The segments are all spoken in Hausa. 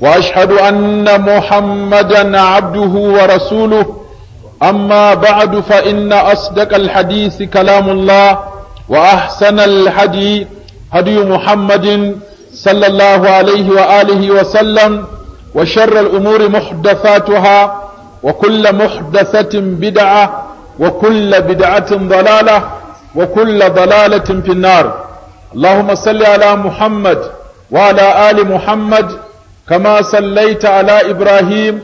واشهد ان محمدا عبده ورسوله اما بعد فان اصدق الحديث كلام الله واحسن الهدي هدي محمد صلى الله عليه واله وسلم وشر الامور محدثاتها وكل محدثه بدعه وكل بدعه ضلاله وكل ضلاله في النار اللهم صل على محمد وعلى ال محمد كما صليت على إبراهيم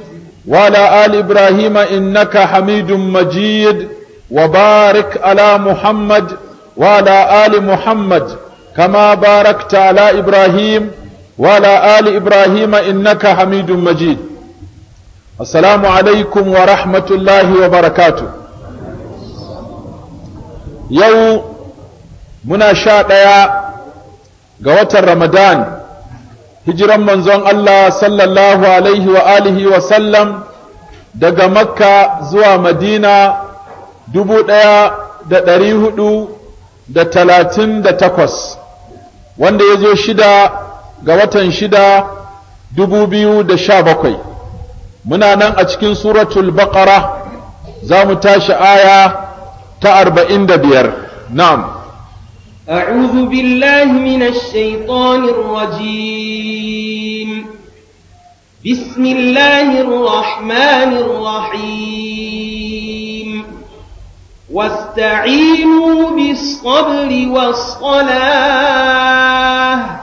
وعلى آل إبراهيم إنك حميد مجيد وبارك على محمد وعلى آل محمد كما باركت على إبراهيم وعلى آل إبراهيم إنك حميد مجيد السلام عليكم ورحمة الله وبركاته يوم منا شاء ga watan Ramadan hijiran manzon Allah sallallahu alaihi wa alihi wa sallam daga makka zuwa madina dubu ɗaya da ɗari hudu da talatin da takwas wanda ya zo shida ga watan shida dubu biyu da sha bakwai muna nan a cikin suratul baqara za mu tashi aya ta arba'in da biyar na'am أعوذ بالله من الشيطان الرجيم بسم الله الرحمن الرحيم واستعينوا بالصبر والصلاة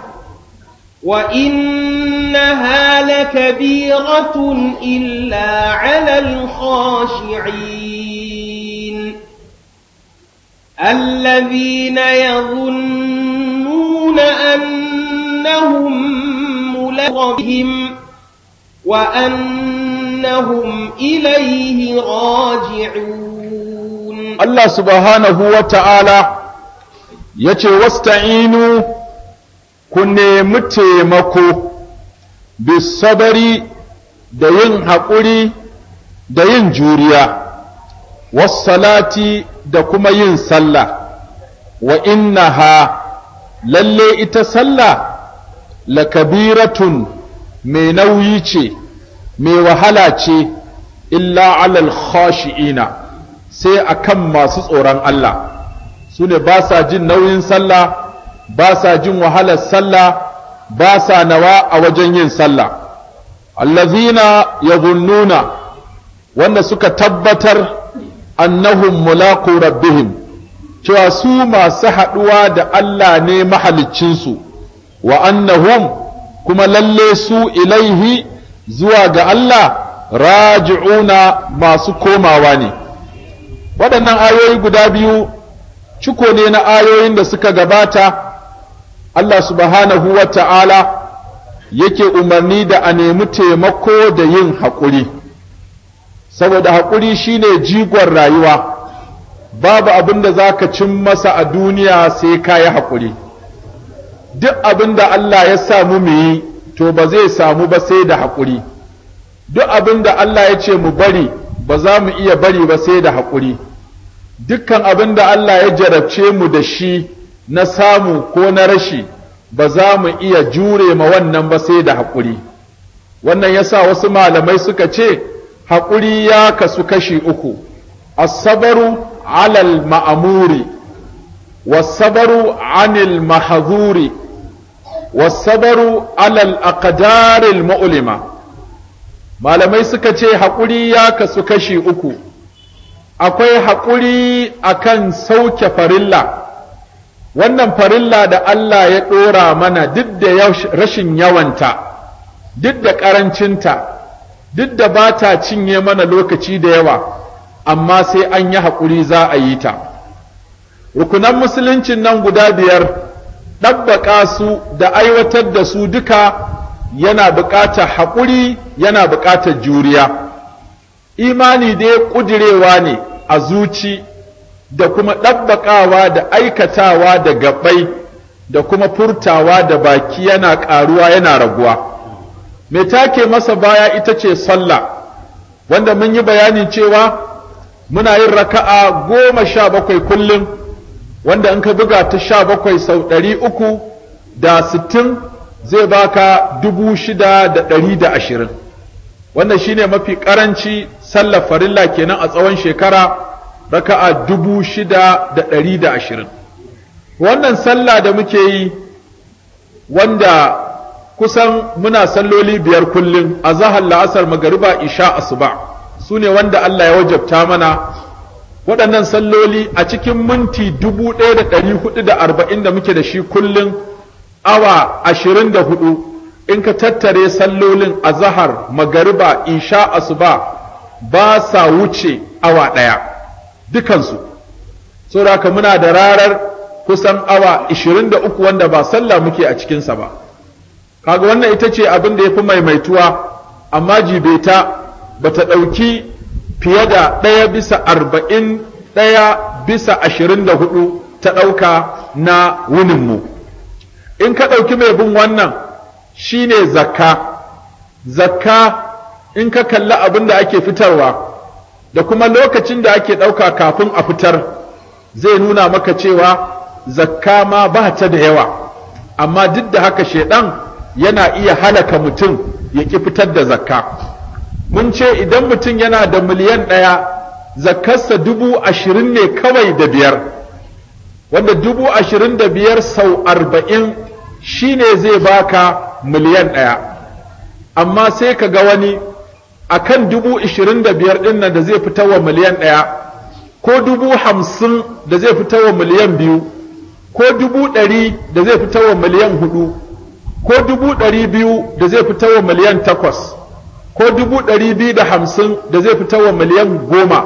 وإنها لكبيرة إلا على الخاشعين الذين يظنون أنهم ملاقهم وأنهم إليه راجعون الله سبحانه وتعالى yace wasta'inu ku nemi taimako bisabari da yin haƙuri da yin juriya wassalati da kuma yin sallah wa lalle ita sallah la kabiratun mai nauyi ce mai wahala ce illa alal khashi'ina sai akan masu tsoron Allah su ne ba sa jin nauyin sallah ba sa jin wahalar sallah ba sa nawa a wajen yin sallah allazina yazunnuna wanda suka tabbatar annahum mulaqu rabbihim cewa su masu haɗuwa da Allah ne mahaliccinsu wa annahum kuma lalle su ilaihi zuwa ga Allah raji'una masu komawa ne waɗannan ayoyi guda biyu ciko ne na ayoyin da suka gabata Allah subhanahu wa ta'ala yake umarni da a nemi taimako da yin haƙuri saboda haƙuri shine jigon rayuwa babu abin da za ka cin masa a duniya sai ka yi haƙuri duk abin da Allah ya samu mu yi to ba zai samu ba sai da haƙuri duk abin da Allah ya ce mu bari ba za mu iya bari ba sai da haƙuri dukkan abin da Allah ya jarabce mu da shi na samu ko na rashi ba za mu iya jure ma wannan ba sai da haƙuri wannan yasa wasu malamai suka ce haƙuri ya kasu kashi uku asabaru alal ma'amuri wasabaru anil mahazuri wasabaru alal aqdaril mu'lima malamai suka ce haƙuri ya kasu kashi uku akwai haƙuri akan sauke farilla wannan farilla da Allah ya ɗora mana duk da rashin yawanta duk da ƙarancinta duk da ba ta cinye mana lokaci da yawa amma sai an yi haƙuri za a yi ta rukunan musuluncin nan guda biyar ɗabbaƙa su da aiwatar da su duka yana buƙatar haƙuri yana buƙatar juriya imani dai ƙudirewa ne a zuci da kuma ɗabbaƙawa da aikatawa da gaɓai da kuma furtawa da baki yana ƙaruwa yana raguwa mai take masa baya ita ce sallah wanda mun yi bayanin cewa muna yin raka'a goma sha bakwai kullum wanda in ka buga ta sha bakwai sau ɗari uku da sittin zai baka dubu shida da ɗari da ashirin wannan shine mafi ƙaranci sallar farilla kenan a tsawon shekara raka'a dubu shida da ɗari da ashirin wannan sallah da muke yi wanda kusan muna salloli biyar kullum a zahar la'asar magariba isha asuba su ne wanda Allah ya wajabta mana waɗannan salloli a cikin minti dubu ɗaya da ɗari hudu da arba'in da muke da shi kullum awa ashirin da hudu in ka tattare sallolin a zahar magariba isha asuba ba sa wuce awa ɗaya dukansu saboda muna da rarar kusan awa da uku wanda ba sallah muke a cikinsa ba kaga wannan ita ce abin da ya fi maimaituwa amma jibeta ba ta ɗauki fiye da ɗaya bisa arba'in ɗaya bisa ashirin da hudu ta ɗauka na wuninmu in ka ɗauki mai bin wannan shine zakka zakka in ka kalli abin da ake fitarwa da kuma lokacin da ake ɗauka kafin a fitar zai nuna maka cewa zakka ma ba ta da yawa amma duk da haka shaidan yana iya halaka mutum ya ƙi fitar da zakka mun ce idan mutum yana da miliyan ɗaya zakkarsa dubu ashirin ne kawai da biyar wanda dubu ashirin da biyar sau arba'in shi ne zai baka miliyan ɗaya amma sai ka ga wani a kan dubu ashirin da biyar ɗin nan da zai fitar wa miliyan ɗaya ko dubu hamsin da zai fitar wa miliyan biyu ko dubu ɗari da zai fitar wa miliyan hudu ko dubu ɗari biyu da zai fita wa miliyan takwas ko dubu ɗari biyu da hamsin da zai fita wa miliyan goma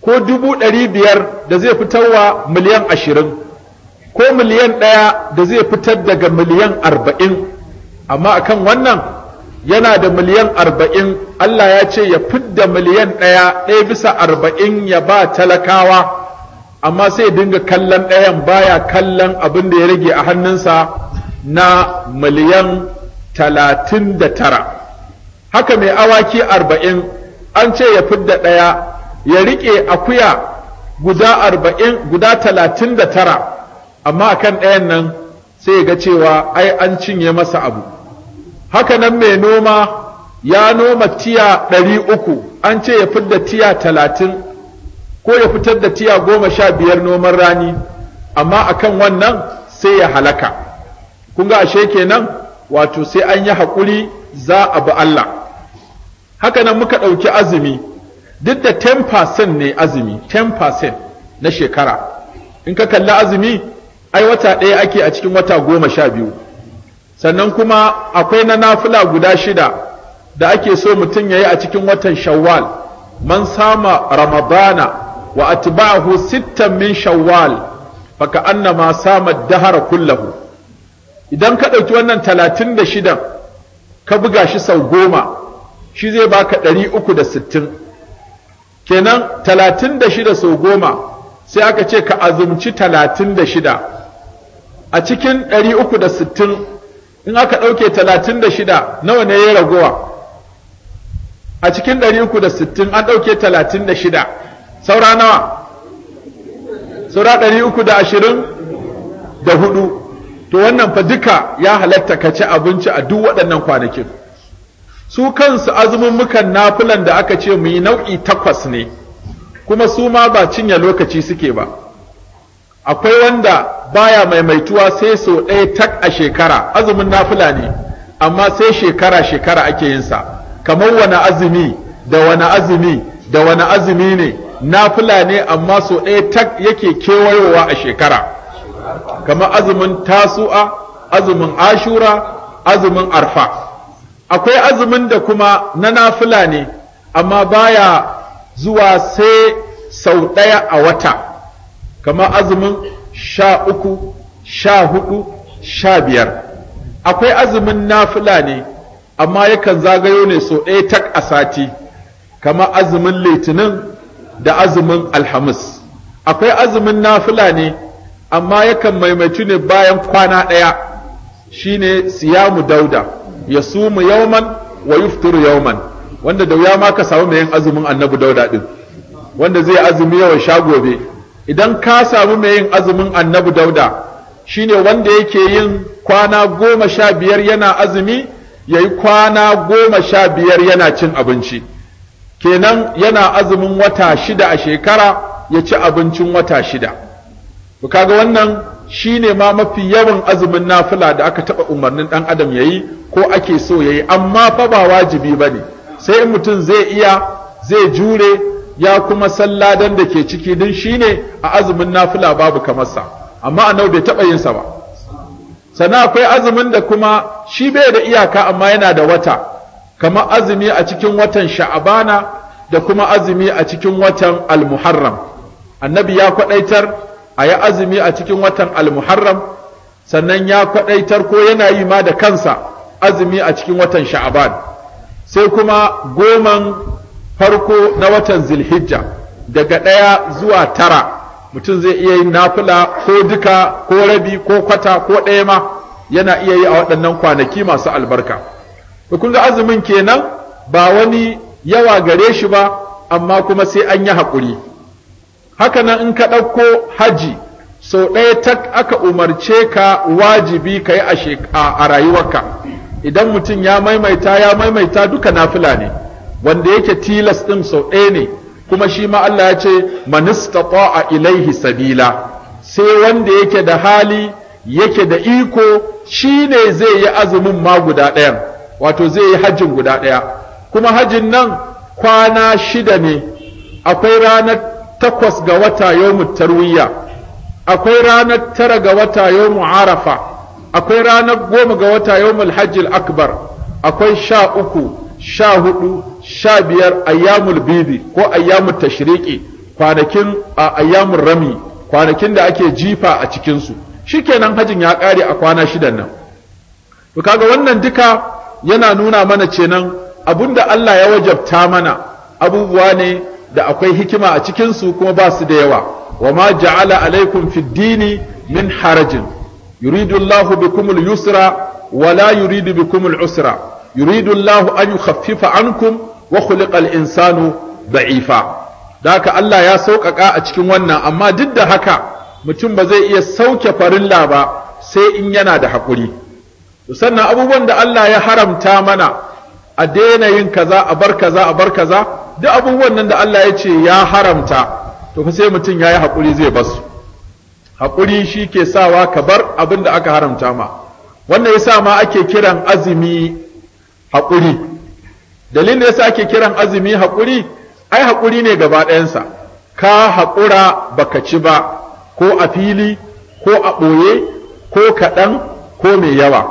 ko dubu ɗari biyar da zai fita wa miliyan ashirin ko miliyan ɗaya da zai fitar daga miliyan arba'in amma kan wannan yana da miliyan arba'in Allah ya ce ya fidda miliyan ɗaya ɗaya bisa arba'in ya ba talakawa amma sai dinga kallon ɗayan baya kallon abin da ya rage a hannunsa na miliyan talatin da tara haka mai awaki arba'in an ce ya fidda ɗaya ya riƙe akuya guda arba'in guda talatin da tara amma akan ɗayan nan sai ga cewa ai an cinye masa abu haka nan mai noma ya noma tiya ɗari uku an ce ya fidda tiya talatin ko ya fitar da tiya goma sha biyar noman rani amma akan wannan sai ya halaka kun ga ashe kenan wato sai an yi haƙuri za a bi Allah haka nan muka ɗauki azumi duk da 10% ne azumi 10% na shekara in ka kalli azumi ai wata ɗaya ake a cikin wata goma sha biyu sannan kuma akwai na nafila guda shida da ake so mutum ya yi a cikin watan shawwal man sama ramadana wa atba'ahu sittan min shawwal faka annama sama dahara kullahu idan ka ɗauki wannan talatin da shidan ka buga shi sau goma shi zai baka ɗari uku da sittin kenan talatin da shida sau goma sai aka ce ka azumci talatin da shida a cikin ɗari uku da sittin in aka ɗauke talatin da shida nawa ne ya ragowa a cikin ɗari uku da sittin an ɗauke talatin da shida saura nawa saura ɗari uku da ashirin da hudu to wannan fa duka ya halatta ka ci abinci a duk waɗannan kwanakin su kansu azumin mukan nafilan da aka ce mu yi nau'i takwas ne kuma su ma ba cinye lokaci suke ba akwai wanda baya maimaituwa sai sau ɗaya tak a shekara azumin nafila ne amma sai shekara shekara ake yin sa kamar wani azumi da wani azumi da wani azumi ne nafila ne amma sau ɗaya tak yake kewayowa a shekara Kama azumin tasu'a azumin ashura azumin arfa akwai azumin da kuma na nafila ne amma baya zuwa sai sau ɗaya a wata Kama azumin sha uku sha hudu sha biyar akwai azumin nafila ne amma yakan zagayo ne sau ɗaya tak a sati Kama azumin litinin da azumin alhamis akwai azumin nafila ne amma yakan maimaitu ne bayan kwana ɗaya Shi shine siyamu dauda ya sumu yauman wa yufturu yauman wanda da wuya ma ka samu mai yin azumin annabi dauda ɗin wanda zai azumi yawan sha gobe idan ka samu mai yin azumin annabi dauda shi ne wanda yake yin kwana goma sha biyar yana azumi ya yi kwana goma sha biyar yana cin abinci kenan yana azumin wata shida a shekara ya ci abincin wata shida to kaga wannan shine ma mafi yawan azumin nafila da aka taba umarnin ɗan adam yayi ko ake so yayi amma fa ba wajibi ba ne. sai in mutum zai iya zai jure ya kuma dan da ke ciki din shine a azumin nafila babu kamar sa amma annabi bai taba yin sa ba sannan akwai azumin da kuma shi bai da iyaka amma yana da wata kamar azumi a cikin watan sha'abana da kuma azumi a cikin watan al-muharram annabi ya kwadaitar a yi azumi a cikin watan almuharram sannan ya kwadaitar ko yana yi ma da kansa azumi a cikin watan sha'aban sai kuma goman farko na watan zilhijja daga ɗaya zuwa tara mutum zai iya yi nafila ko duka ko rabi ko kwata ko ɗaya ma yana iya yi a waɗannan kwanaki masu albarka kun ga azumin kenan ba wani yawa gare shi ba amma kuma sai an yi haƙuri haka nan in ka ɗauko haji sau ɗaya tak aka umarce ka wajibi ka yi a rayuwarka idan mutum ya maimaita ya maimaita duka nafila ne wanda yake tilas ɗin sau ɗaya ne kuma shi ma Allah ya ce manistata a ilaihi sabila sai wanda yake da hali yake da iko shi ne zai yi azumin ma guda ɗayan wato zai yi hajjin guda ɗaya kuma hajjin nan kwana shida ne akwai ranar takwas ga wata yawmu tarwiyya, akwai ranar tara ga wata yawmu arafa akwai ranar goma ga wata yawmul hajjil akbar akwai sha uku sha hudu sha biyar ayyamul bibi, ko ayyamul tashriki kwanakin a ayyamul rami kwanakin da ake jifa a cikinsu shikenan hajjin ya kare a kwana shidan nan to kaga wannan duka yana nuna mana cenan abinda Allah ya wajabta mana abubuwa ne da akwai hikima a cikinsu kuma ba su da yawa wa ma ja'ala alaikum fid dini min harajin yuridu Allahu bikum al-yusra wa la yuridu bikum al-usra yuridu Allahu an yukhaffifa ankum wa khuliqa al-insanu da'ifa daka Allah ya sauƙaƙa a cikin wannan amma duk da haka mutum ba zai iya sauke farilla ba sai in yana da haƙuri sannan abubuwan da Allah ya haramta mana a daina yin kaza a bar kaza a bar kaza duk abubuwan nan da Allah ya ce ya haramta to fa sai mutum ya yi haƙuri zai su Haƙuri shi ke sawa ka bar abin da aka haramta ma wannan yasa ma ake kiran azumi hakuri dalilin da yasa ake kiran azumi hakuri ai haƙuri ne gaba ɗayansa ka haƙura baka ci ba ko a fili ko a ɓoye ko kaɗan ko mai yawa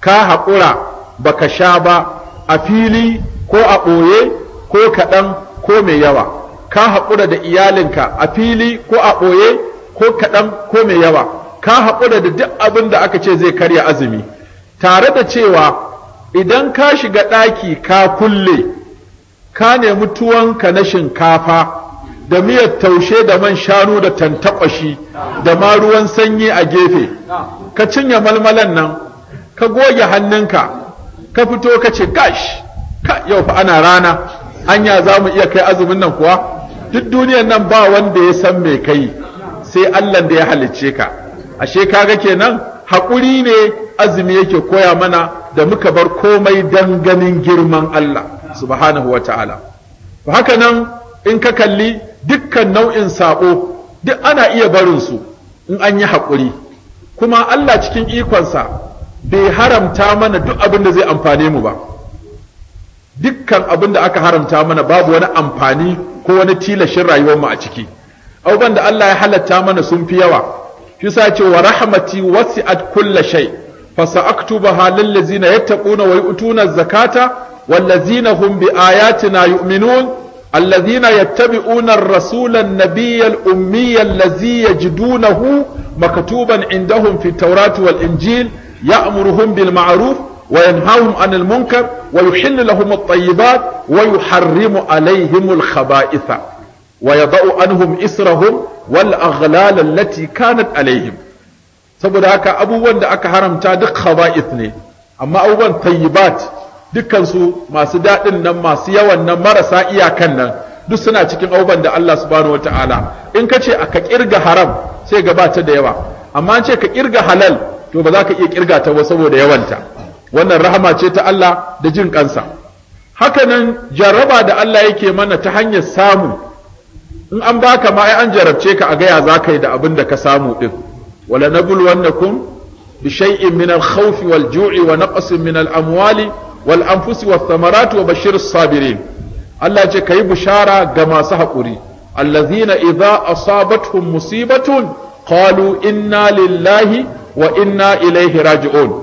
ka haƙura baka sha ba a fili ko a ɓoye ko kaɗan ko mai yawa ka haƙura da iyalinka a fili ko a ɓoye ko kaɗan ko mai yawa ka haƙura da duk abin da aka ce zai karya azumi tare da cewa idan ka shiga ɗaki ka kulle ka nemi tuwonka na shinkafa da miyar taushe da man shanu da tantakwashi da ma ruwan sanyi a gefe ka cinye malmalan nan ka goge hannunka ka fito ka ce gash yau fa ana rana anya za mu iya kai azumin nan kuwa duk duniyar nan ba wanda ya san me kai sai Allah da ya halicce ka ashe kaga kenan haƙuri ne azumi yake koya mana da muka bar komai dan ganin girman Allah subhanahu wa ta'ala haka nan in ka kalli dukkan nau'in saƙo duk ana iya barinsu in an yi haƙuri kuma Allah cikin ikonsa bai haramta mana duk abin da zai amfane mu ba dukkan abin da aka haramta mana babu wani amfani ko wani tilashin rayuwar mu a ciki abubuwan da Allah ya halatta mana sun fi yawa shi sa ce wa rahmati wasi'at kulla shay fa sa'aktubaha lil ladzina yattaquna wa yu'tuna zakata wal ladzina hum bi ayatina yu'minun الذين يتبعون الرسول النبي الأمي الذي يجدونه مكتوبا عندهم في التوراة والإنجيل يأمرهم بالمعروف وينهاهم عن المنكر ويحل لهم الطيبات ويحرم عليهم الخبائث ويضع عنهم إسرهم والأغلال التي كانت عليهم saboda haka abubuwan da aka haramta duk khaba'ith ne amma abubuwan tayyibat dukkan masu daɗin nan masu yawan nan marasa iyakan nan duk suna cikin abubuwan da Allah subhanahu wataala in ka ce aka kirga haram sai gabata da yawa amma an ce ka kirga halal to ba za ka iya kirga ta ba saboda yawanta wannan rahama ce ta Allah da jin kansa haka nan jarraba da Allah yake mana ta hanyar samu in an baka ma ai an jarabce ka a gaya za ka yi da abin da ka samu din wala nabluwannakum bi shay'in min al-khawfi wal-ju'i wa naqsin min al-amwali wal-anfusi wath-thamarati wa bashiris sabirin Allah ce kai bushara ga masu haƙuri allazina idza asabatuhum musibatun qalu inna lillahi wa inna ilaihi raji'un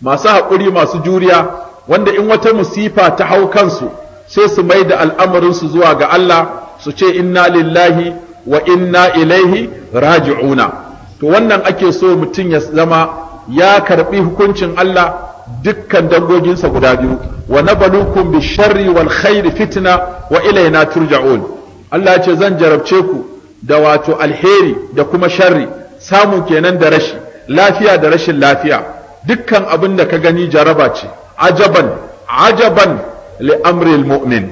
masu haƙuri masu juriya wanda in wata musifa ta hau kansu sai su mai da al'amarinsu zuwa ga Allah su ce inna lillahi wa inna ilaihi raji'una to wannan ake so mutum ya zama ya karbi hukuncin Allah dukkan dangoginsa guda biyu wa nabalukum bi sharri wal khairi fitna wa ilaina turja'un Allah ya ce zan jarabce ku da wato alheri da kuma sharri samu kenan da rashi lafiya da rashin lafiya dukkan abin da ka gani jaraba ce ajaban ajaban li amril mu'min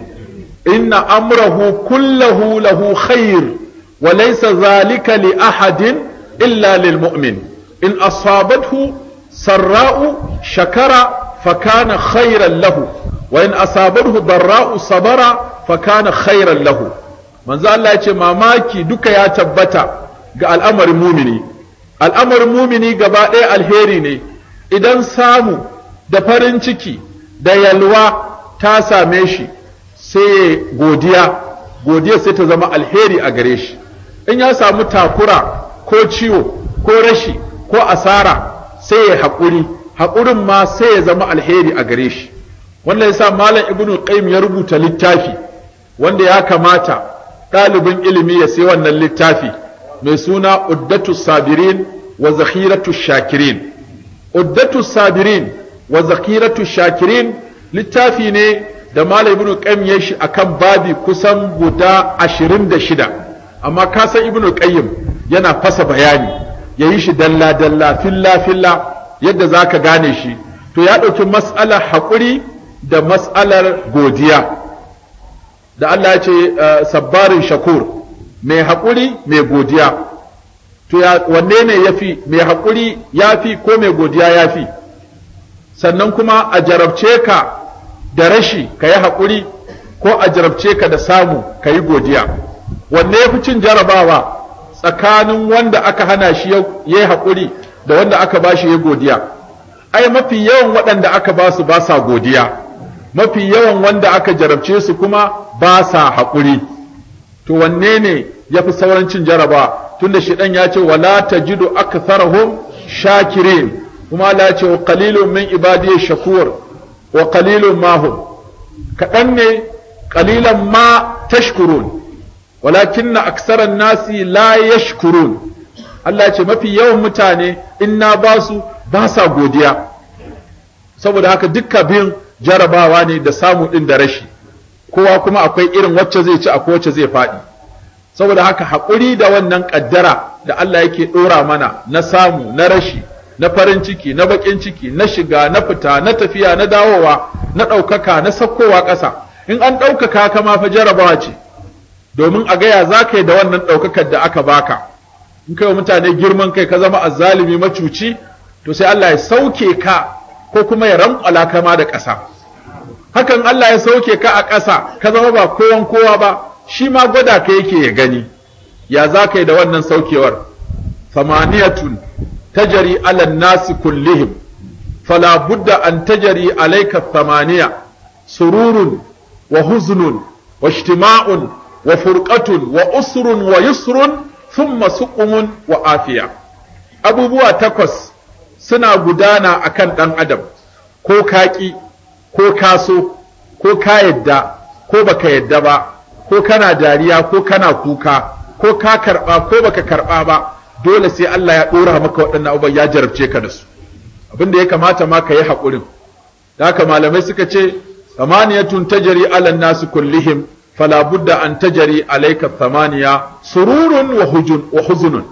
inna amrahu kullahu lahu khair wa laysa zalika li ahadin illa lil mu'min in asabathu sarra'u shakara fakana khairan lahu wa in asabathu darra'u sabara fakana khairan lahu manzo Allah ya ce mamaki duka ya tabbata ga al'amarin mumini al'amarin mumini gaba ɗaya alheri ne idan samu da farin ciki da yalwa ta same shi sai godiya godiya sai ta zama alheri a gare shi in ya samu takura ko ciwo ko rashi ko asara sai ya haƙuri haƙurin ma sai ya zama alheri a gare shi wannan ya sa malam ibnu qayyim ya rubuta littafi wanda ya kamata ɗalibin ilimi ya sai wannan littafi mai suna uddatu sabirin wa zakhiratu shakirin uddatu sabirin wa zakhiratu shakirin littafi ne da malam ibnu qayyim shi akan babi kusan guda 26 amma ka san ibnu qayyim yana fasa bayani yayi shi dalla dalla filla filla yadda zaka gane shi to ya ɗauki mas'alar haƙuri da mas'alar godiya da Allah ya ce sabbarin shakur mai haƙuri mai godiya to wanne ne yafi mai haƙuri yafi ko mai godiya yafi sannan kuma a jarabce ka da rashi ka yi haƙuri ko a jarabce ka da samu ka yi godiya wanne ya fi cin jarabawa tsakanin wanda aka hana shi ya yi haƙuri da wanda aka ba shi ya godiya ai mafi yawan waɗanda aka ba su ba sa godiya mafi yawan wanda aka jarabce su kuma ba sa haƙuri to wanne ne fi sauran cin jaraba tunda ɗan ya ce wala tajidu aktharahum shakirin kuma Allah ce wa qalilun min ibadiy shakur wa kalilun ma hum ne kalilan ma tashkurun walakinna aksaran nasi la yashkurun Allah ce mafi yawan mutane in na basu ba sa godiya saboda haka dukka biyun jarabawa ne da samu ɗin da rashi kowa kuma akwai irin wacce zai ci akwai wacce zai faɗi saboda haka haƙuri da wannan ƙaddara da Allah yake ɗora mana na samu na rashi na farin ciki na baƙin ciki na shiga na fita na tafiya na dawowa na ɗaukaka na sakkowa ƙasa in an ɗaukaka ka ma fa jarabawa ce domin a gaya za ka yi da wannan ɗaukakar da aka baka in kai wa mutane girman kai ka zama azzalimi macuci to sai Allah ya sauke ka ko kuma ya ranƙwala kama da ƙasa hakan Allah ya sauke ka a ƙasa ka zama ba kowan kowa ba shi ma gwada ka yake ya gani ya za ka yi da wannan saukewar samaniyatun tajari Alan nasi kullihim fala budda an tajari alaika samaniya sururun wa huznun wa shtima'un wa furqatun wa usrun wa yusrun thumma suqumun wa afiya abubuwa takwas suna gudana akan ɗan adam ko kaki ko ka so ko ka yadda ko baka yadda ba ko kana dariya ko kana kuka ko ka karba ko baka karba ba dole sai Allah ya dora maka waɗannan abubuwan ya jarabce ka da su abin ya kamata ma ka yi haƙurin da haka malamai suka ce samaniyatun tajari alan nasu kullihim fala budda an tajari alayka samaniya sururun wa hujun wa huzunun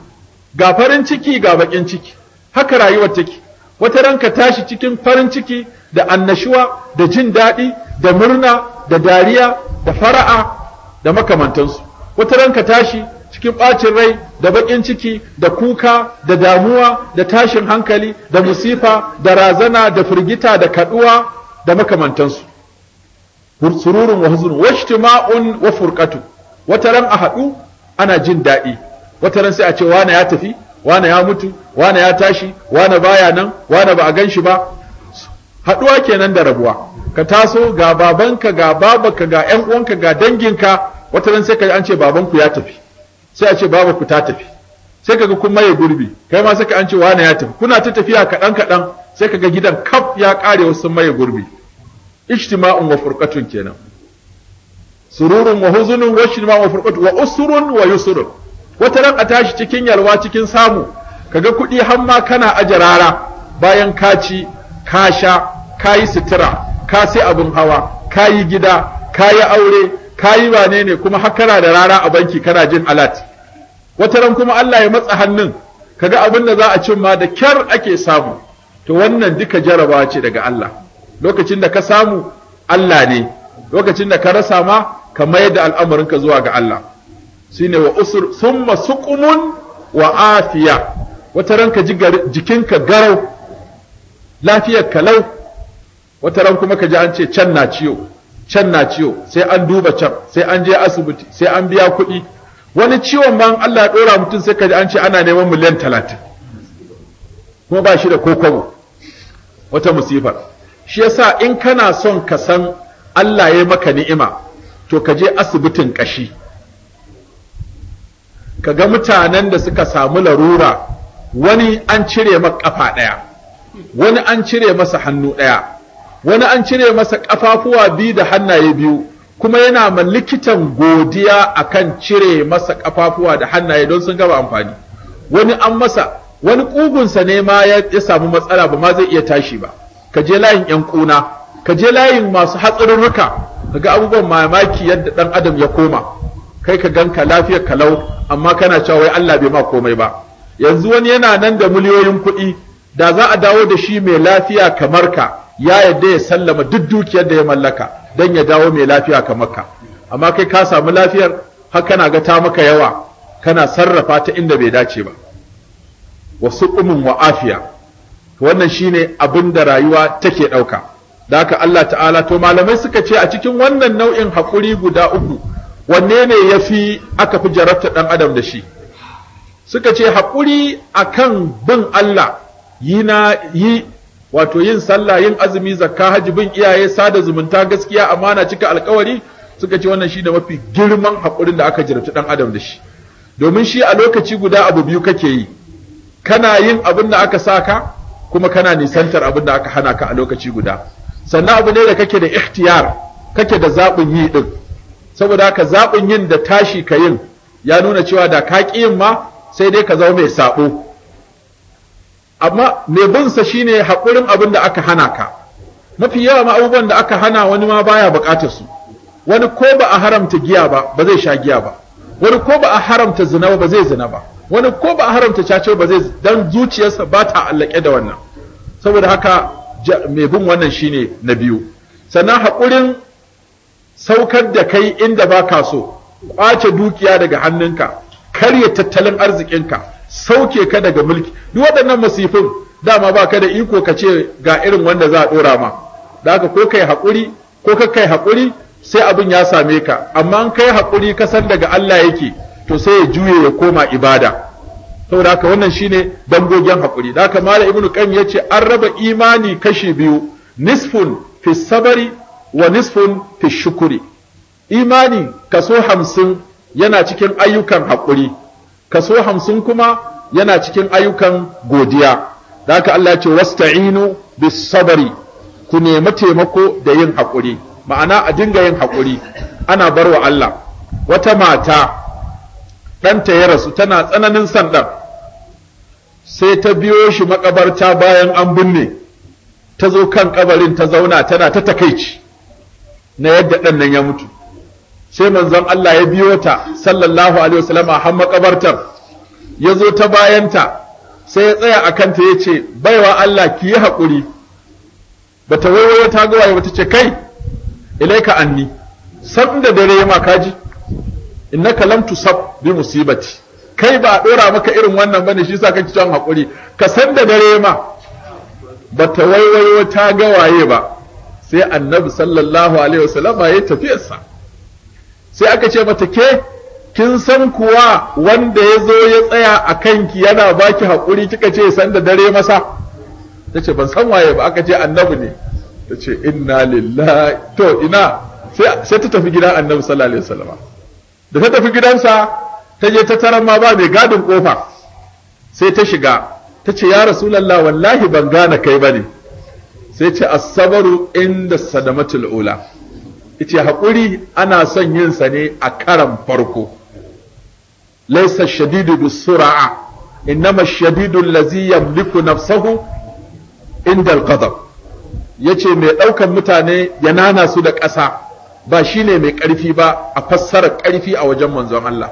ga farin ciki ga bakin ciki haka rayuwar take wata ranka tashi cikin farin ciki da annashuwa da jin daɗi da murna da dariya da fara'a da makamantansu wata ranka tashi cikin ɓacin rai da baƙin ciki da kuka da damuwa da tashin hankali da musifa da razana da firgita da kaɗuwa da makamantansu sururun wa huzun washtima'un wa furqatu wata ran a haɗu ana jin daɗi wata ran sai a ce wani ya tafi wane ya mutu wane ya tashi wane baya nan wane ba a gan shi ba haɗuwa kenan da rabuwa ka taso ga babanka ga babanka ga ƴan uwanka ga danginka wata ran sai ka an ce babanku ya tafi sai a ce babanku ta tafi sai kaga kun maye gurbi kai ma sai ka an ce wane ya tafi kuna ta tafiya kaɗan kaɗan sai kaga gidan kaf ya ƙare wasu sun maye gurbi ijtima'un wa furqatun kenan sururun wa huzunun wa shima'un wa furqatun wa usrun wa yusrun wata ran a tashi cikin yalwa cikin samu kaga kuɗi har ma kana aje rara bayan ka ci ka sha ka yi sutura ka sai abin hawa ka yi gida ka yi aure ka yi wane ne kuma har kana da rara a banki kana jin alat wata ran kuma Allah ya matsa hannun kaga abin da za a cin ma da kyar ake samu to wannan duka jarabawa ce daga Allah lokacin da ka samu Allah ne lokacin da ka rasa ma ka mayar da al'amarinka zuwa ga Allah shine wa usur thumma suqumun wa afiya wata ranka jikinka garau lafiyar kalau wata ran kuma ka ji an ce can na ciwo can na ciwo sai an duba can sai an je asibiti sai an biya kuɗi wani ciwon ma Allah ya ɗora mutum sai ka ji an ce ana neman miliyan talatin kuma ba shi da kokobo wata musifar shi yasa in kana son ka san Allah ya maka ni'ima to ka je asibitin ƙashi Ka ga mutanen da suka samu larura wani an cire maka kafa ɗaya wani an cire masa hannu ɗaya wani an cire masa ƙafafuwa biyu da hannaye biyu kuma yana ma likitan godiya akan cire masa ƙafafuwa da hannaye don sun gaba amfani wani an masa wani ƙugunsa ne ma ya samu matsala ba ma zai iya tashi ba ka je layin yan ƙuna ka je layin masu hatsarurruka kaga abubuwan mamaki yadda ɗan adam ya koma kai ka gan ka lafiyar kalau amma kana cewa wai Allah bai ma komai ba yanzu wani yana nan da miliyoyin kuɗi da za a dawo da shi mai lafiya kamar ka ya yadda ya sallama duk dukiyar da ya mallaka don ya dawo mai lafiya kamar ka amma kai ka samu lafiyar har kana ga ta maka yawa kana sarrafa ta inda bai dace ba wasu umun wa afiya wannan shine abin da rayuwa take ɗauka da haka Allah ta'ala to malamai suka ce a cikin wannan nau'in hakuri guda uku wanne ne ya fi aka fi jarabta ɗan adam da shi suka ce haƙuri a kan bin Allah yi na yi wato yin sallah yin azumi zakka haji bin iyaye sada zumunta gaskiya amana cika alkawari suka ce wannan shi da mafi girman haƙurin da aka jarabta ɗan adam da shi domin shi a lokaci guda abu biyu kake yi kana yin abin da aka sa ka kuma kana nisantar abin da aka hana ka a lokaci guda sannan abu ne da kake da ikhtiyar kake da zaɓin yi ɗin saboda haka zaɓin yin da tashi ka yin ya nuna cewa da ka yin ma sai dai ka zama mai saɓo amma mai binsa shine haƙurin abin da aka hana ka mafi yawa ma abubuwan da aka hana wani ma baya buƙatar su wani ko ba a haramta giya ba ba zai sha giya ba wani ko ba a haramta zina ba zai zina ba wani ko ba a haramta cacewa ba zai dan zuciyarsa ba ta allake da wannan saboda haka mai bin wannan shine na biyu sannan haƙurin saukar da kai inda ba ka so kwace dukiya daga hannunka karya tattalin arzikinka sauke ka daga mulki duk waɗannan masifin dama ba ka da iko ka ce ga irin wanda za a ɗora ma da haka ko kai haƙuri ko ka kai haƙuri sai abin ya same ka amma in kai haƙuri kasan daga Allah yake to sai ya juye ya koma ibada saboda haka wannan shine dangogen haƙuri da haka malam ibnu qayyim yace an raba imani kashi biyu nisfun fi sabari wa nisfun fi shukuri imani kaso hamsin yana cikin ayyukan haƙuri kaso hamsin kuma yana cikin ayyukan godiya da haka Allah ce wasta'inu bis sabari ku nemi taimako da yin haƙuri ma'ana a dinga yin haƙuri ana bar wa Allah wata mata ɗanta ya rasu tana tsananin son ɗan sai ta biyo shi makabarta bayan an binne ta zo kan kabarin ta zauna tana ta takaici na yadda ɗan nan ya mutu sai manzon Allah ya biyo ta sallallahu alaihi wasallam har makabartar ya zo ta bayanta sai ya tsaya a kanta ya ce baiwa Allah ki yi haƙuri ba ta waiwayo ta ga waye ta ce kai ilaika anni san da dare ya makaji innaka lam tusab bi musibati kai ba a ɗora maka irin wannan bane shi yasa kake cewa haƙuri ka san da dare ma ba ta waiwayo ta ga waye ba sai annabi sallallahu alaihi wasallama ya tafiyarsa sai aka ce mata ke kin san kuwa wanda ya zo ya tsaya a kanki yana baki haƙuri kika ce san da dare masa ta ce ban san waye ba aka ce annabi ne ta ce inna lillahi to ina sai ta tafi gidan annabi sallallahu alaihi wasallama da ta tafi gidansa ta je ta tarar ma ba mai gadin kofa sai ta shiga ta ce ya rasulallah wallahi ban gane kai bane sai ce asabaru inda sadamatul ula yace haƙuri ana son yin sa ne a karan farko laysa shadidu bisura'a innama shadidu allazi yamliku nafsahu inda alghadab yace mai ɗaukan mutane ya nana su da ƙasa ba shine mai ƙarfi ba a fassara ƙarfi a wajen manzon Allah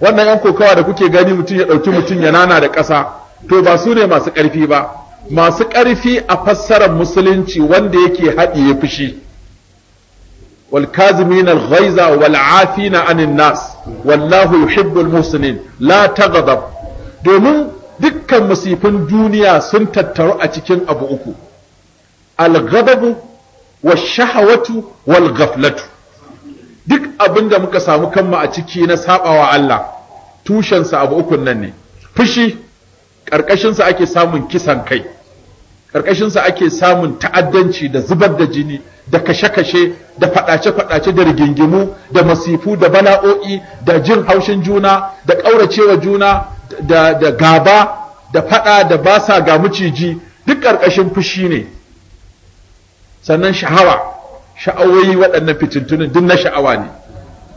wannan yan kokawa da kuke gani mutum ya ɗauki mutum ya nana da ƙasa to ba su ne masu ƙarfi ba masu ƙarfi a fassarar musulunci wanda yake haɗiye fushi wal kazimin al ghaiza wal afina anin nas wallahu yuhibbul muhsinin la taghdab domin dukkan musifin duniya sun tattaru a cikin abu uku al ghadabu wash shahawatu wal ghaflatu duk abin da muka samu kanmu a ciki na saɓawa Allah tushensa abu ukun nan ne fushi ƙarƙashinsa ake samun kisan kai ƙarƙashinsa ake samun ta'addanci da zubar da jini da kashe-kashe da faɗace-faɗace da rigingimu da masifu da bala'o'i da jin haushin juna da ƙauracewa juna da, da gaba da faɗa da basa ga maciji duk ƙarƙashin fushi ne sannan sha'awa sha'awoyi waɗannan fitintunin duk na sha'awa ne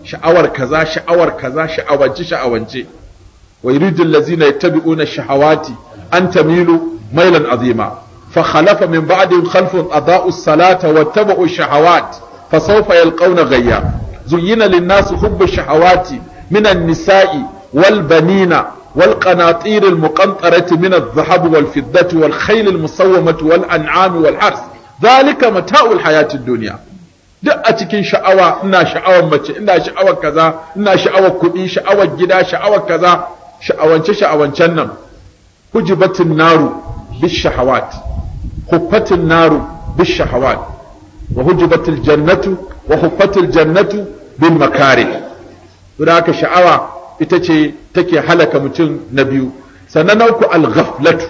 sha'awar kaza sha'awar kaza sha'awance sha'awance wa yuridul lazina yattabi'una shahawati an tamilu mailan azima فخلف من بعد خلف أضاء الصلاة واتبع الشهوات فسوف يلقون غيا زين للناس حب الشهوات من النساء والبنين والقناطير المقنطرة من الذهب والفضة والخيل المصومة والأنعام والحرث ذلك متاع الحياة الدنيا duk a cikin sha'awa ina sha'awar mace ina sha'awar kaza ina sha'awar kuɗi sha'awar gida sha'awar kaza sha'awance sha'awancen nan hujibatin naru bis shahawat huffatin naru bishahawat wa hujubatil jannatu wa huffatil jannatu bin makare da sha'awa ita ce take halaka mutum na biyu sannan na al gaflatu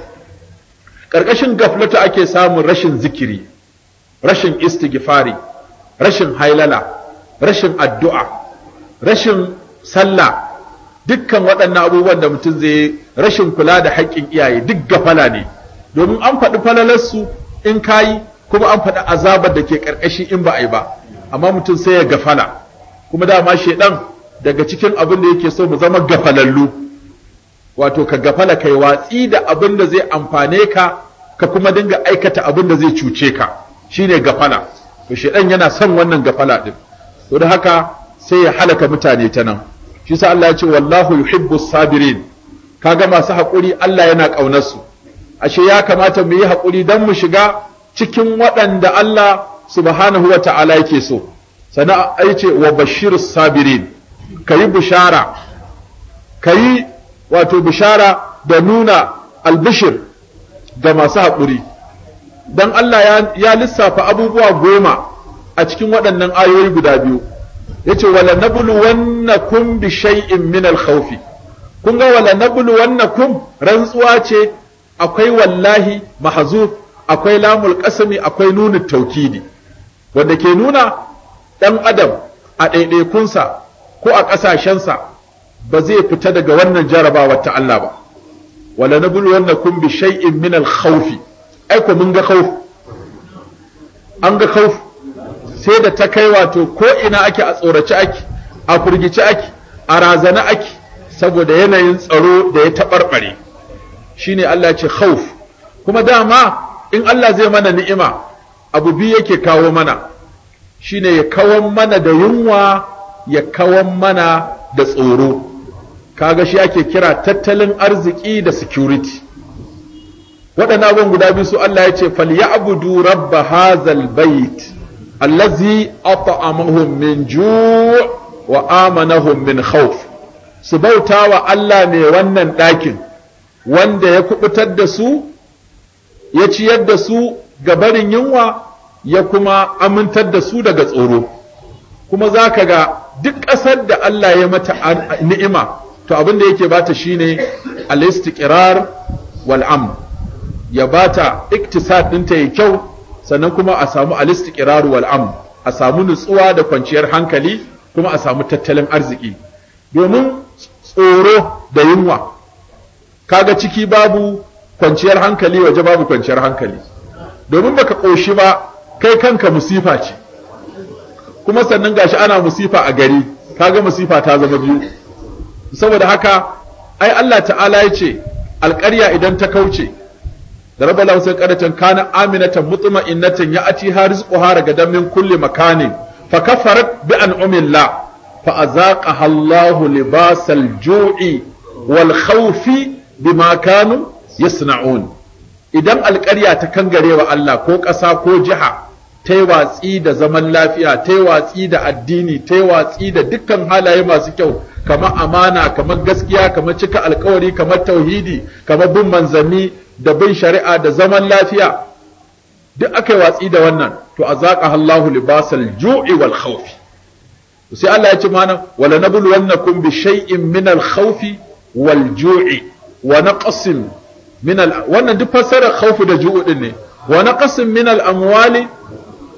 ƙarƙashin gaflatu ake samun rashin zikiri rashin istighfari rashin hailala rashin addu'a rashin sallah dukkan waɗannan abubuwan da mutum zai rashin kula da haƙƙin iyaye duk gafala ne domin an faɗi falalarsu in kayi kuma an faɗi azabar da ke ƙarƙashi in ba a yi ba amma mutum sai ya gafala kuma dama shaidan daga cikin abin da yake so mu zama gafalallu wato ka gafala kai watsi da abin da zai amfane ka ka kuma dinga aikata abin da zai cuce ka Shi ne gafala to shaidan yana son wannan gafala din to da haka sai ya halaka mutane ta nan shi sa Allah ya ce wallahu yuhibbu sabirin kaga masu haƙuri Allah yana ƙaunar su ashe ya kamata mu yi haƙuri don mu shiga cikin waɗanda Allah subhanahu wa ta'ala yake so sana ai ce wa bashir sabirin kayi bishara kayi wato bishara da nuna albishir ga masu haƙuri don Allah ya lissafa abubuwa goma a cikin waɗannan ayoyi guda biyu ya ce wala nabluwannakum bi shay'in min al-khawfi kun ga wala kun? rantsuwa ce akwai wallahi mahzuf akwai lamul qasmi akwai nunin taukidi wanda ke nuna dan adam a ɗaiɗaikunsa ko a ƙasashensa ba zai fita daga wannan jarabawar ta Allah ba wala kun bi shay'in min al-khawfi ai ko mun ga khawf an ga khawf sai da ta kai wato ko ina ake a tsorace ake a furgice ake a razana ake saboda yanayin tsaro da ya taɓarɓare shine Allah ya ce khauf. kuma dama in Allah zai mana ni'ima abu biyu yake kawo mana shine ya kawon mana da yunwa ya kawon mana da tsoro kaga shi ake kira tattalin arziki da security waɗannan abin guda biyu su Allah ya ce falyabudu rabba hazal bait allazi at'amahum min ju' wa amanahum min khawf su bauta wa Allah ne wannan ɗakin wanda ya kubutar da su ya ciyar da su ga barin yunwa ya kuma amintar da su daga tsoro kuma za ka ga duk ƙasar da Allah ya mata ni'ima to abin da yake bata shine al-istiqrar wal amn ya bata iktisad ɗinta ya kyau sannan kuma a samu al-istiqrar wal amn a samu nutsuwa da kwanciyar hankali kuma a samu tattalin arziki domin tsoro da yunwa kaga ciki babu kwanciyar hankali waje babu kwanciyar hankali domin baka koshi ba kai kanka musifa ce kuma sannan gashi ana musifa a gari kaga musifa ta zama biyu saboda haka ai Allah ta'ala ya ce alƙarya idan ta kauce da rabbal alamin qadatan kana aminatan mutma'innatan ya'tiha rizquha ragadan min kulli makanin فكفرت Fa الله فأذاقها libasal ju'i wal والخوف bima kanu yasna'un idan alƙarya ta wa Allah ko ƙasa ko jiha ta yi watsi da zaman lafiya ta yi watsi da addini ta yi watsi da dukkan halaye masu kyau kamar amana kamar gaskiya kamar cika alkawari kamar tauhidi kamar bin manzanni da bin shari'a da zaman lafiya duk aka yi watsi da wannan to a zaƙa Allah libasal ju'i wal khawfi sai Allah ya ce mana wala nabluwannakum bi shay'in min al khawfi wal ju'i wa naqsin min al wannan duk fassarar khawfu da ju'u din ne wa naqsin min al amwali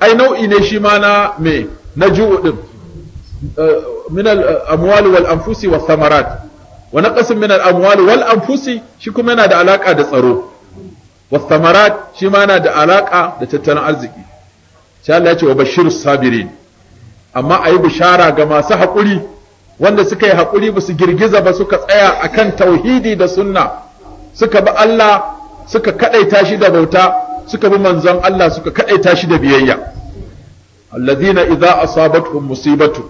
ai nau'i ne shi ma na me na ju'u din eh, min amwali wal anfusi was samarat wa naqsin min al amwali wal anfusi shi kuma yana da alaƙa da tsaro was samarat shi ma yana da alaƙa da tattalin arziki sai Allah ya ce wa bashirus sabirin amma ayi bishara ga masu haƙuri wanda suka yi haƙuri ba su girgiza ba suka tsaya akan tauhidi da sunna suka bi Allah suka kaɗaita shi da bauta suka bi manzon Allah suka kaɗaita shi da biyayya allazina idza asabatuhum musibatu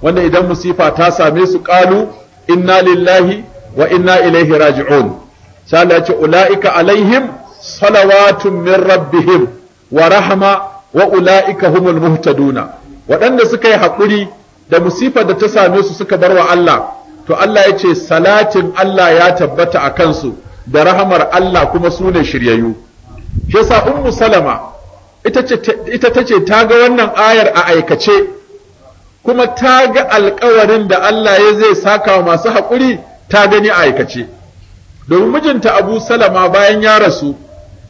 wanda idan musifa ta same su ƙalu, inna lillahi wa inna ilaihi raji'un sai ya ce ulaika alaihim salawatun min rabbihim wa rahma wa ulaika humul muhtaduna waɗanda suka yi haƙuri da musifar da ta same su suka bar wa Allah to Allah ya ce salatin Allah ya tabbata a kansu da rahamar Allah kuma su ne shiryayyu shi yasa ummu salama ita ta ce ta ga wannan ayar a aikace kuma ta ga alkawarin da Allah ya zai saka wa masu haƙuri ta gani a aikace domin mijinta abu salama bayan ya rasu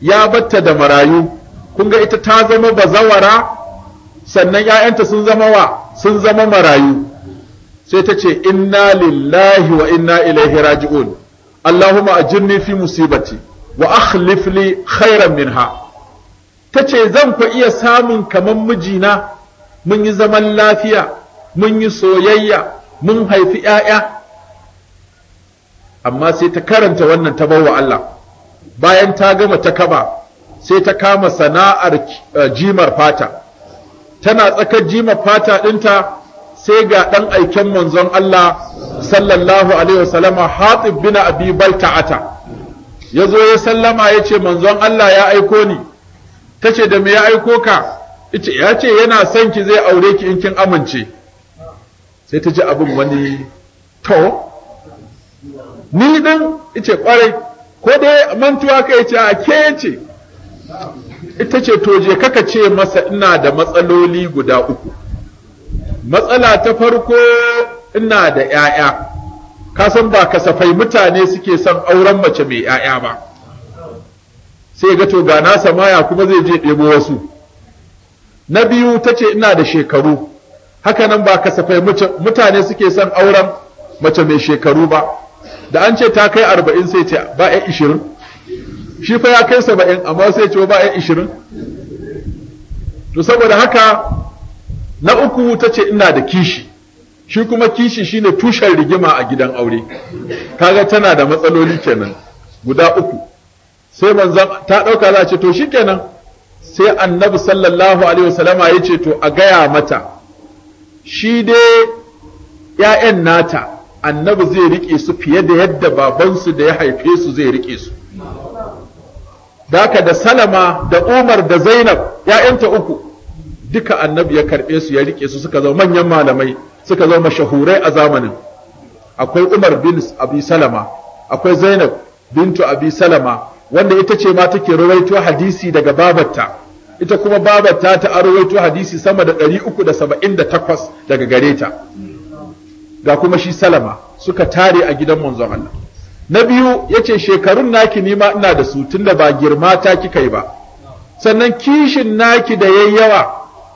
ya batta da marayu kunga ita ta zama bazawara sannan ‘ya'yanta sun zama wa sun zama marayu sai ta ce inna lillahi wa inna ilaihi raji'un Allahumma ajirni fi musibati wa akhlif li khairan minha ta ce zan fa iya samun kaman mijina mun yi zaman lafiya mun yi soyayya mun haifi ‘ya'ya amma sai ta karanta wannan ta bawa Allah bayan ta gama ta kaba sai ta kama sana'ar eh, jimar fata tana tsakar jima fata ɗinta sai ga ɗan aiken manzon Allah sallallahu alaihi wasallama hatib bin abi balta'ata ya zo ya sallama ya ce manzon Allah ya aiko ni ta ce da me ya aiko ka ya ce yana son ki zai aure ki in kin amince sai ta ji abin wani to ni din ice kwarai ko dai mantuwa kai ce a ke ce ita ce toje kaka ce masa ina da matsaloli guda uku matsala ta farko ina da ‘ya'ya ka san ba kasafai mutane suke son auren mace mai ‘ya'ya ba sai ga to ga nasa maya kuma zai je ɗebo wasu na biyu ta ce ina da shekaru hakanan ba kasafai mutane suke son auren mace mai shekaru ba da an ce ta kai arba'in sai ce ba ‘ya ishirin shi fa ya kai saba'in amma sai ce ba ya ishirin to saboda haka na uku ta ce ina da kishi shi kuma kishi shine tushen rigima a gidan aure kaga tana da matsaloli kenan guda uku sai manzan ta ɗauka za a ce to shi kenan sai annabi sallallahu alaihi wasallama ya ce to a gaya mata shi dai ‘ya'yan nata annabi zai riƙe su fiye da yadda babansu da ya haife su zai riƙe su daka da salama da umar da zainab ‘ya'yanta uku duka annabi ya karɓe su ya rike su suka zo manyan malamai suka zo mashahurai a zamanin akwai umar bin abi salama akwai zainab bintu abi salama wanda ita ce ma take rawaito hadisi daga babarta ita kuma babarta ta rawaito hadisi sama da 378 daga gare ta ga kuma shi salama suka tare a gidan manzon Allah na biyu ya ce shekarun naki nima ina da su da ba girma ta kika yi ba sannan kishin naki da yawa?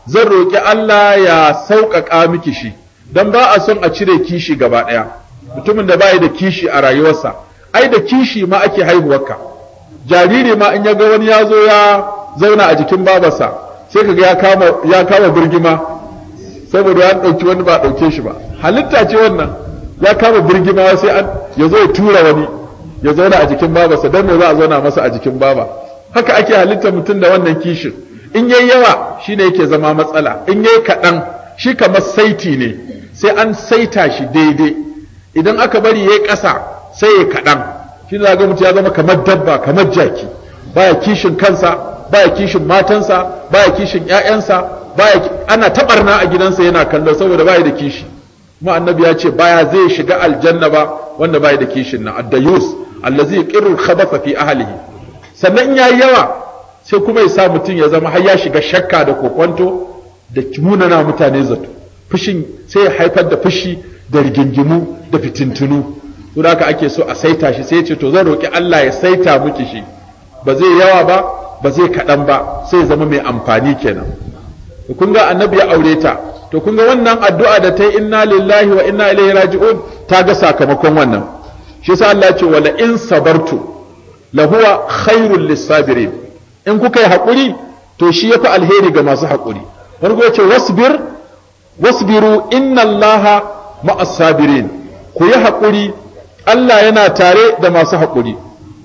zan roƙi Allah ya sauƙaƙa miki shi Don ba a son a cire kishi gaba ɗaya mutumin da ba yi da kishi a rayuwarsa ai da kishi ma ake haihuwarka jariri ma in ya ga wani ya zo ya zauna a jikin babarsa sai kaga ya kama ya kama birgima saboda ya ɗauki wani ba ɗauke shi ba halitta ce wannan ya kama birgima sai an ya zo ya tura wani ya zauna a jikin babarsa dan me za a zauna masa a jikin baba haka ake halitta mutum da wannan kishin in yayi yawa shine yake zama matsala in yayi kaɗan shi kamar saiti ne sai an saita shi daidai idan aka bari yayi kasa sai ya kaɗan shi ne ga mutum ya zama kamar dabba kamar jaki baya kishin kansa baya kishin matansa baya kishin 'ya'yansa baya ana taɓarna a gidansa yana kallo saboda baya da kishi kuma annabi ya ce baya zai shiga aljanna ba wanda bai da kishin nan addayus allazi qirru khabatha fi ahlihi sannan yayi yawa sai kuma ya sa mutum ya zama har ya shiga shakka da kokwanto da munana mutane zato fushin sai ya haifar da fushi da rigingimu da fitintunu to haka ake so a saita shi sai ya ce to zan roki Allah ya saita miki shi ba zai yawa ba ba zai kaɗan ba sai zama mai amfani kenan kun ga annabi ya aure ta to kun ga wannan addu'a da ta yi inna lillahi wa inna ilaihi raji'un ta ga sakamakon wannan shi yasa Allah ce wala in sabartu lahuwa khairul lisabirin in kuka yi haƙuri to shi yafi alheri ga masu haƙuri farko ya ce wasbir wasbiru inna allaha ma'as sabirin ku yi haƙuri Allah yana tare da masu haƙuri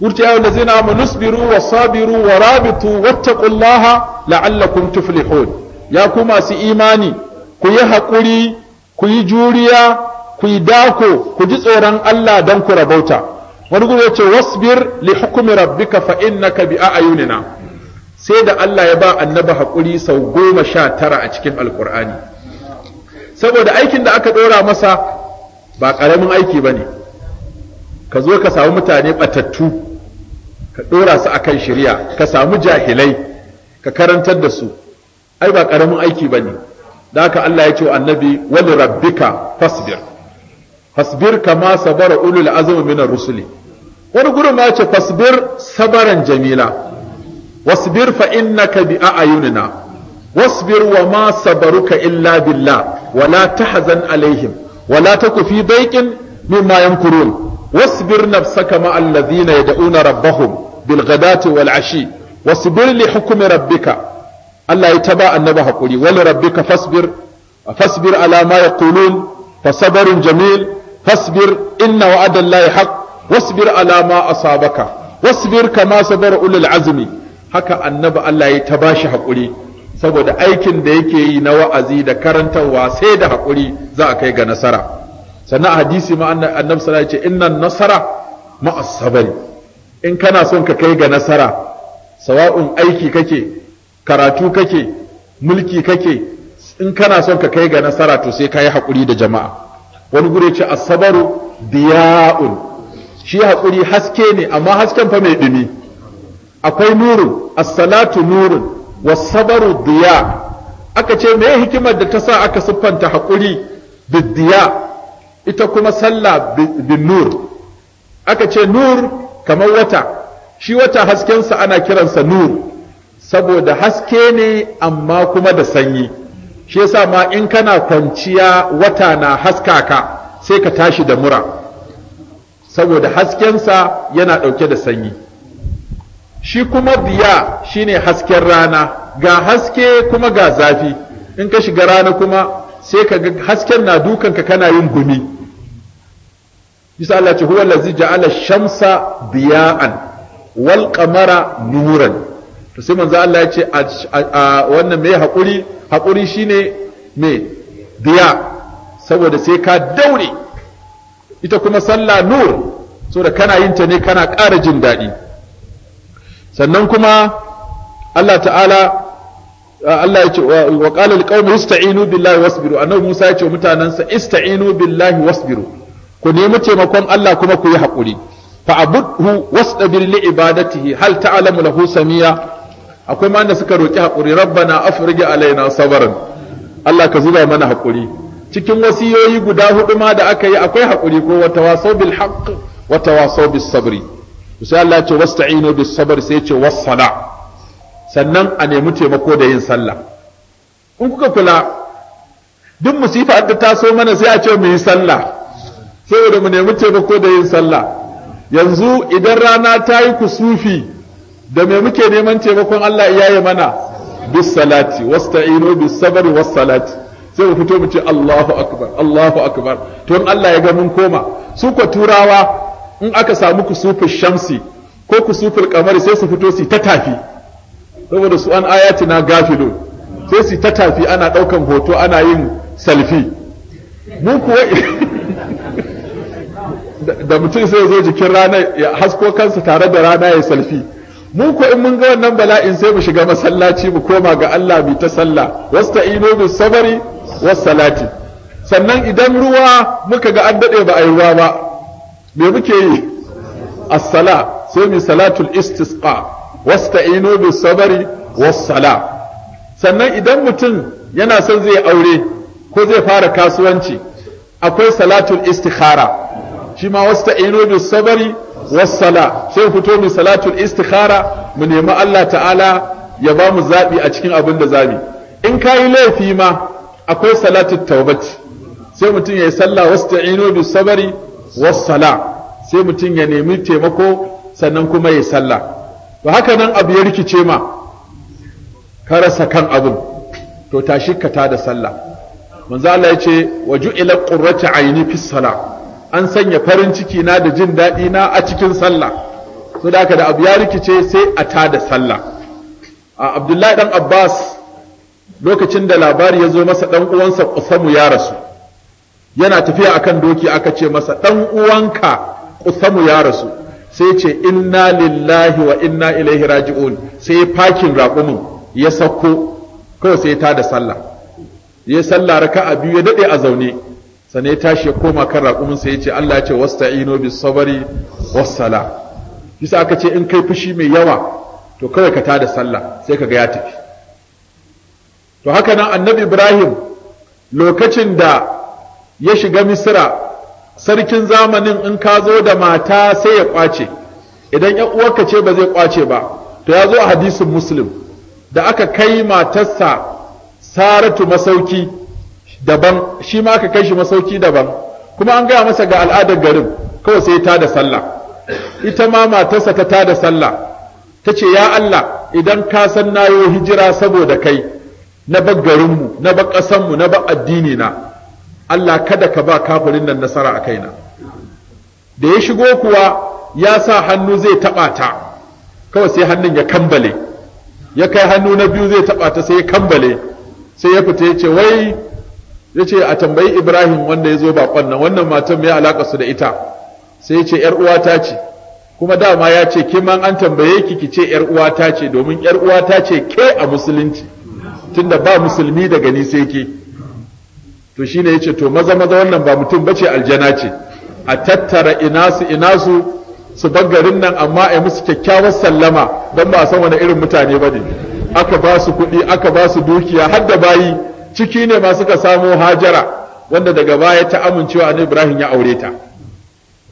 wurce yawon da mu nusbiru wa sabiru wa rabitu wattaqullaha la'allakum tuflihun ya ku masu imani ku yi haƙuri ku yi juriya ku yi dako ku ji tsoron Allah don ku rabauta wani gudu ce wasbir li hukumi rabbika fa innaka bi ayunina sai da Allah ya ba annabi haƙuri sau goma sha tara a cikin alkur'ani saboda aikin da aka ɗora masa ba ƙaramin aiki ba ne ka zo ka samu mutane ɓatattu ka ɗora su a kan shirya ka samu jahilai ka karantar da su ai ba ƙaramin aiki ba ne da haka Allah ya ce annabi wal rabbika fasbir fasbir kama sabara ulul azmi min rusuli wani gurin ma ce fasbir sabaran jamila wasbir fa innaka bi a'yunina wasbir wa ma sabaruka illa billah wala tahzan alaihim wala taku fi daiqin mimma yamkurun wasbir nafsaka ma alladhina yad'una rabbahum bil ghadati wal ashi wasbir li hukmi rabbika Allah ya taba annabi hakuri wal rabbika fasbir fasbir ala ma yaqulun fasabarun jamil fasbir inna wa'ada Allah haq wasbir ala ma asabaka wasbir kama sabar ulul azmi haka annabi Allah ya taba shi hakuri saboda aikin da yake yi na wa'azi da karantarwa sai da hakuri za a kai ga nasara sannan hadisi ma annabi sallallahu alaihi wasallam innan nasara ma'as sabri in kana son ka kai ga nasara sawa'un aiki kake karatu kake mulki kake in kana son ka kai ga nasara to sai kayi haƙuri da jama'a wani gure ce asabaru diya'un shi haƙuri haske ne amma hasken fa mai dumi. akwai nuru as-salatu nurun was-sabaru diya aka ce me hikimar da ta sa aka siffanta haƙuri diya ita kuma sallah bin nur aka ce nur kamar wata shi wata haskensa ana kiransa nur saboda haske ne amma kuma da sanyi shi yasa ma in kana kwanciya wata na haska ka, sai ka tashi da mura saboda haskensa yana ɗauke da sanyi shi kuma diya shine hasken rana ga haske kuma ga zafi in ka shiga rana kuma sai ka ga hasken na dukanka kana yin gumi bisa Allah ce huwa allazi ja'ala shamsa diya'an wal qamara nuran to sai manzo Allah ya ce a wannan mai hakuri shine me biya saboda sai ka daure ita kuma sallah nur saboda kana yin ta ne kana ƙara jin daɗi sannan kuma Allah ta'ala Allah ya ce wa qala liqaumi ista'inu billahi wasbiru annabi Musa ya ce mutanansa ista'inu billahi wasbiru ku nemi taimakon Allah kuma ku yi hakuri fa'budhu wastabir li ibadatihi hal ta'lamu lahu samiya akwai ma da suka roki hakuri rabbana afrij alaina sabran Allah ka zuba mana haƙuri. cikin wasiyoyi guda hudu ma da aka yi akwai haƙuri ko wata wasau bil haqq wata wasau bis sabri sai Allah ya ce wasta'inu bis sabr sai ya ce was sala sannan a nemi taimako da yin sallah in kuka kula duk musifa da so mana sai a ce mu yi sallah saboda mu nemi taimako da yin sallah yanzu idan rana ta yi kusufi da me muke neman taimakon Allah ya yi mana bis salati wasta'inu bis sabri was salati sai mu fito mu ce Allahu akbar Allahu akbar to in Allah ya ga mun koma su ko turawa in aka samu ku sufi shamsi ko ku sufi kamari sai su fito su ta tafi saboda su an ayati na gafilo sai su ta tafi ana daukan hoto ana yin salfi mu kuwa da mutum sai zo jikin rana ya hasko kansa tare da rana ya salfi mu ko in mun ga wannan bala'in sai mu shiga masallaci mu koma ga Allah bi ta sallah wasta'inu bis sabri was salati sannan idan ruwa muka ga an dade ba ai ruwa ba me muke yi as-sala sai mu salatul istisqa wasta'inu bis sabri was sala sannan idan mutum yana son zai aure ko zai fara kasuwanci akwai salatul istikhara shi ma wasta'inu bis sabri wassala sai fito mu salatul istikhara mu nemi Allah ta'ala ya ba mu zaɓi a cikin abin da zabi in kayi laifi ma akwai salatul ta'ubaci. sai mutum ya yi sallah wasta'inu bis sabari wassala sai mutum ya nemi taimako sannan kuma ya yi sallah to haka nan abu ya rikice ma ka rasa kan abin to tashi ka da sallah manzo Allah ce wa ju'ila qurratu ayni fis salah an sanya farin ciki na da jin daɗi na a cikin sallah so da haka da abu ya rikice sai a ta da sallah a abdullahi ɗan abbas lokacin da labari ya zo masa ɗan uwansa kusamu ya rasu yana tafiya akan doki aka ce masa ɗan uwanka kusamu ya rasu sai ce inna lillahi wa inna ilaihi raji'un sai fakin raƙumin ya sauko, kawai sai ta da sallah ya sallah a biyu ya daɗe a zaune sane ya tashi ya koma kan raƙumin sai ya ce Allah ya ce wasta ino bi sabari sala bisa aka ce in kai fushi mai yawa to kawai ka tada sallah sai ka ga ya tafi to haka nan annabi Ibrahim lokacin da ya shiga Misra sarkin zamanin in ka zo da mata sai ya kwace idan ya uwarka ce ba zai kwace ba to ya zo a hadisin Muslim da aka kai matarsa Saratu masauki daban shi ma aka kai shi masauki daban kuma an gaya masa ga al'adar garin kawai sai ta da sallah ita ma matarsa ta ta da sallah ta ce ya Allah idan ka san na yi hijira saboda kai na bar garinmu na bar ƙasanmu na bar addini na Allah kada ka ba kafirin nan nasara a kaina da ya shigo kuwa ya sa hannu zai taɓa ta kawai sai hannun ya kambale ya kai hannu na biyu zai taɓa ta sai ya kambale sai ya fita ya ce wai ya ce a tambayi ibrahim wanda ya zo baƙon nan wannan matan mai alaƙa su da ita sai ya ce ‘yar uwata ce kuma dama ya ce kiman an tambaye ki ki ce ‘yar uwata ce domin ‘yar uwata ce ke a musulunci tunda ba musulmi daga ni sai ke to shine ya ce to maza maza wannan ba mutum ba ce aljana ce a tattara inasu inasu su garin nan amma a musu kyakkyawar sallama don ba a san wani irin mutane ba ne aka ba su kuɗi aka ba su dukiya har da bayi ciki ne ma suka samo hajara wanda daga baya ta amincewa annabi ibrahim ya aure ta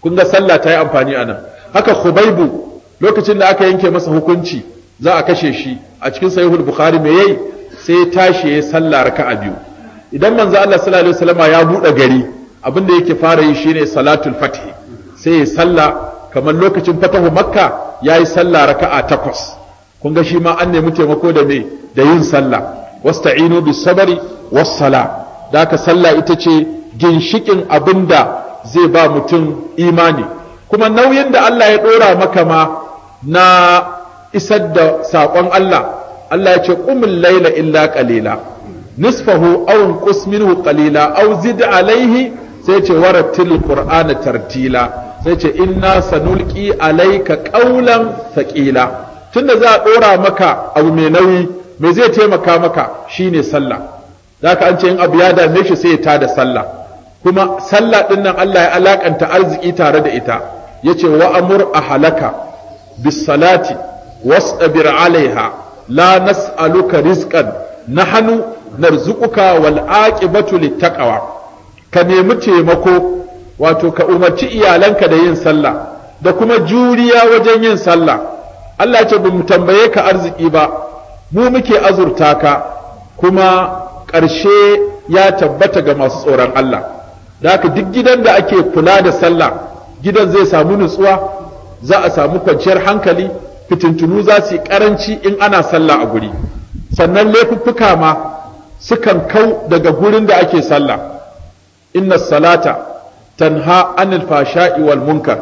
kun ga sallah ta yi amfani anan haka khubaibu lokacin da aka yanke masa hukunci za a kashe shi a cikin sahihul bukhari me yayi sai ya tashi ya sallah raka'a biyu idan manzo Allah sallallahu alaihi wasallama ya bude gari abin da yake fara yi shine salatul fath sai ya sallah kamar lokacin fatahu makka yayi sallah raka'a takwas kun ga shi ma an nemi taimako da me da yin sallah wasta'inu bis sabari, was sala da ka sallah ita ce ginshikin abinda zai ba mutum imani kuma nauyin da Allah ya dora maka ma na isar da saƙon Allah Allah ya ce qumil laila illa qalila nisfahu aw inqus minhu qalila aw zid alayhi sai ce warattil qur'ana tartila sai ce inna sanulki alaika ƙaulan thaqila tunda za a dora maka abu mai nauyi me zai taimaka maka shine sallah zaka an ce in abu ya dame shi sai ya da sallah kuma sallah din nan Allah ya alakanta arziki tare da ita yace wa'amur a halaka bis salati wasbir alaiha la nas'aluka rizqan nahnu narzuquka wal aqibatu littaqwa ka nemi taimako wato ka umarci iyalanka da yin sallah da kuma juriya wajen yin sallah Allah ce ba mu tambaye ka arziki ba mu muke azurta ka kuma ƙarshe ya tabbata ga masu tsoron Allah da haka duk gidan da ake kula da sallah gidan zai samu nutsuwa za a samu kwanciyar hankali fitintunu za su yi ƙaranci in ana sallah a guri sannan laifuffuka ma sukan kau daga gurin da ake sallah inna salata tanha anil fasha'i wal munkar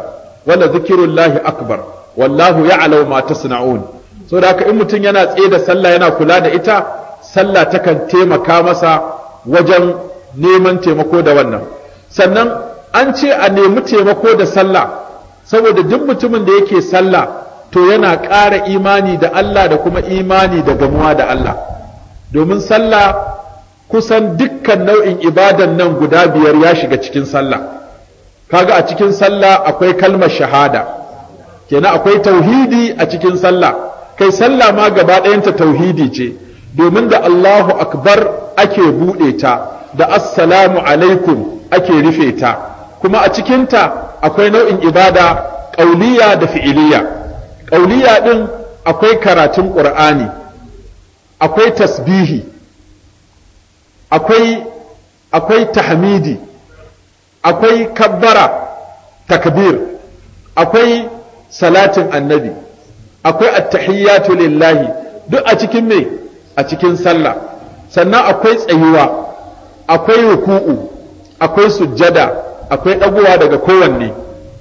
wala zikirullahi akbar wallahu ya'lamu ma tasna'un so da haka in mutum yana tsaye da sallah yana kula da ita sallah takan taimaka masa wajen neman taimako da wannan sannan an ce a nemi taimako da sallah saboda duk mutumin da yake sallah to yana ƙara imani da Allah da kuma imani da gamuwa da Allah domin sallah kusan dukkan nau'in ibadan nan guda biyar ya shiga cikin sallah kaga a cikin sallah akwai kalmar shahada kenan akwai tauhidi a cikin sallah kai sallah ma gaba ɗayanta tauhidi ce domin da Allahu akbar ake buɗe ta da assalamu alaikum ake rufe ta kuma a cikinta akwai nau'in ibada ƙauliya da fi'iliya ƙauliya ɗin akwai karatun ƙur'ani akwai tasbihi akwai akwai tahmidi akwai kabbara takbir akwai salatin annabi akwai attahiyatu lillahi duk a cikin me a cikin sallah sannan akwai tsayuwa akwai ruku'u akwai sujjada akwai ɗaguwa daga kowanne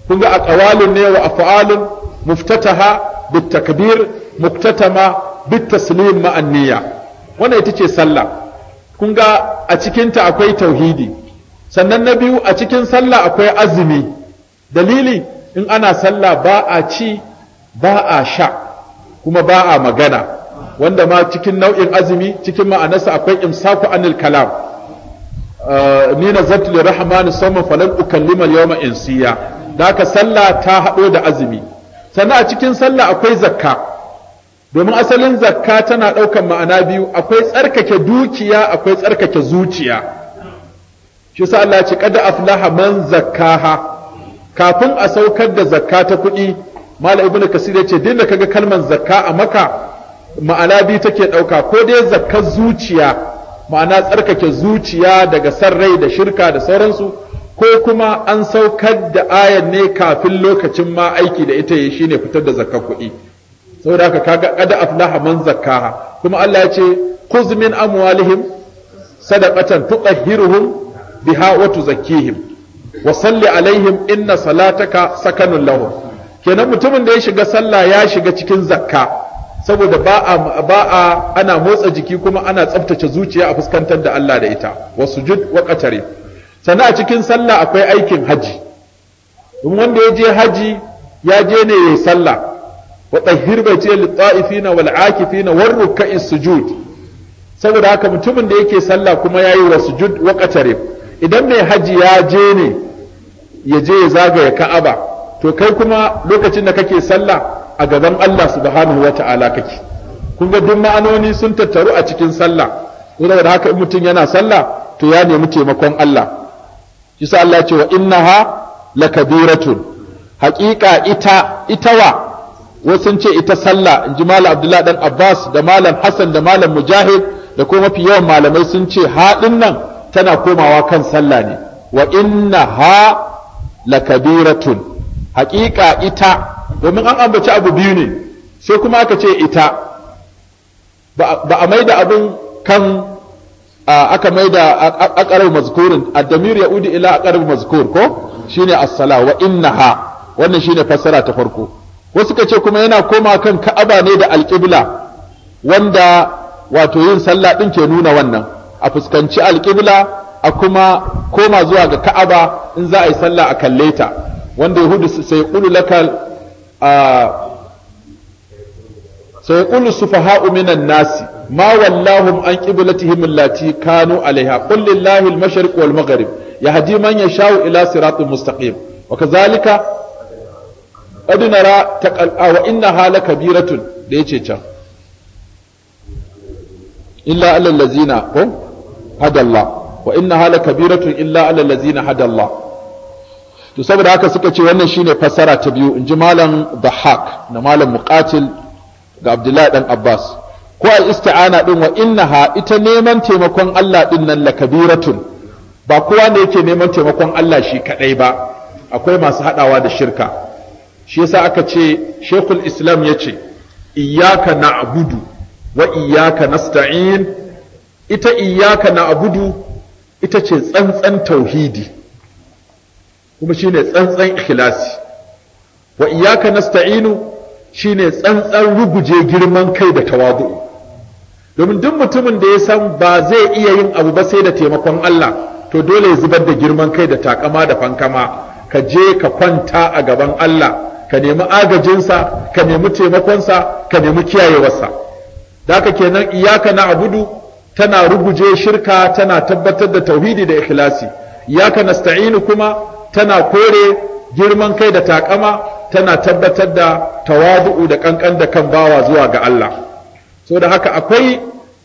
kun ga aqwalun ne wa af'alun muftataha bit takbir muktatama bit taslim ma'an niyya wannan ita ce sallah kun ga a cikinta akwai tauhidi sannan na biyu a cikin sallah akwai azumi dalili in ana sallah ba a ci ba a sha kuma ba a magana wanda ma cikin nau'in azumi cikin ma'anarsa akwai imsaku anil kalam uh, ni nazartu li rahmani saman falan ukallima al-yawma insiya da haka sallah ta haɗo da azumi sannan a cikin sallah akwai zakka domin asalin zakka tana ɗaukan ma'ana biyu akwai tsarkake dukiya akwai tsarkake zuciya shi sa Allah ya ce qad aflaha man zakkaha kafin a saukar da zakka ta kuɗi malam ibnu kasir ya ce ka kaga kalmar zakka a maka ma'ana bi take dauka ko dai zakkar zuciya ma'ana tsarkake zuciya daga sarrai da shirka da sauransu ko kuma an saukar da ayan ne kafin lokacin ma aiki da ita yi shine fitar da zakka kuɗi saboda haka kaga qad aflaha man zakkaha kuma Allah ya ce khuz min amwalihim sadaqatan tuqahhiruhum biha wa tuzakkihim wa salli alaihim inna salataka sakanun lahum kenan mutumin da ya shiga sallah ya shiga cikin zakka saboda ba a ba ana motsa jiki kuma ana tsaftace zuciya a fuskantar da Allah da ita wasujud wa qatari sannan a cikin sallah akwai aikin haji in wanda ya je haji ya je ne yayi sallah wa tahhir baiti lil ta'ifina wal akifina war ruk'i sujud saboda haka mutumin da yake sallah kuma yayi wasujud wa qatari idan mai haji ya je ne ya je ya zagaya ka'aba to kai kuma lokacin da kake sallah a gaban Allah subhanahu wa ta'ala kake kun ga duk ma'anoni sun tattaru a cikin sallah da haka in mutum yana sallah to ya nemi taimakon Allah yasa Allah ce wa innaha lakabiratun haƙiƙa ita itawa wasu ce ita sallah in ji malam abdullahi dan abbas da malam hassan da malam mujahid da kuma mafi yawan malamai sun ce haɗin nan tana komawa kan sallah ne wa inna ha lakabiratun haƙiƙa ita domin an ambaci abu biyu ne sai kuma aka ce ita ba a maida abin kan aka maida aqrab mazkurin addamir damir ya'udu ila ƙarar mazkur ko shine ne asala wa innaha wannan shine fassara ta farko wasu ka ce kuma yana koma kan ka'aba ne da alƙibla wanda wato yin sallah din ke nuna wannan a fuskanci alƙibla a kuma koma zuwa ga ka'aba in za a yi sallah a kalle ta wanda yahudu sai qulu lakal sai qulu sufaha'u minan nasi ما ولاهم عن قبلتهم التي كانوا عليها قل لله المشرق والمغرب ila من يشاء الى صراط مستقيم وكذلك قد wa تقل وانها Kabiratun. da yace can illa alal ladzina hadallah wa innaha illa alal ladzina hadallah to saboda haka suka ce wannan shine fassara ta biyu inji ji malam dhahak na malam muqatil ga abdullahi dan abbas ko al isti'ana din wa innaha ita neman taimakon Allah din nan la kabiratun ba kowa ne yake neman taimakon Allah shi kadai ba akwai masu hadawa da shirka shi yasa aka ce shekul islam ya ce iyaka na'budu wa iyaka nasta'in ita iyaka na'budu ita ce tsantsan tauhidi kuma shine tsantsan ikhlasi wa iyyaka nasta'inu shine tsantsan ruguje girman kai da tawadu domin duk mutumin da ya san ba zai iya yin abu ba sai da taimakon Allah to dole ya zubar da girman kai da takama da fankama ka je ka kwanta a gaban Allah ka nemi agajinsa ka nemi taimakonsa ka nemi kiyayewarsa da haka kenan iyaka na abudu tana ruguje shirka tana tabbatar da tauhidi da ikhlasi iyaka nasta'inu kuma tana kore girman kai da takama tana tabbatar da tawazu'u da kankan da kan bawa zuwa ga Allah so da haka akwai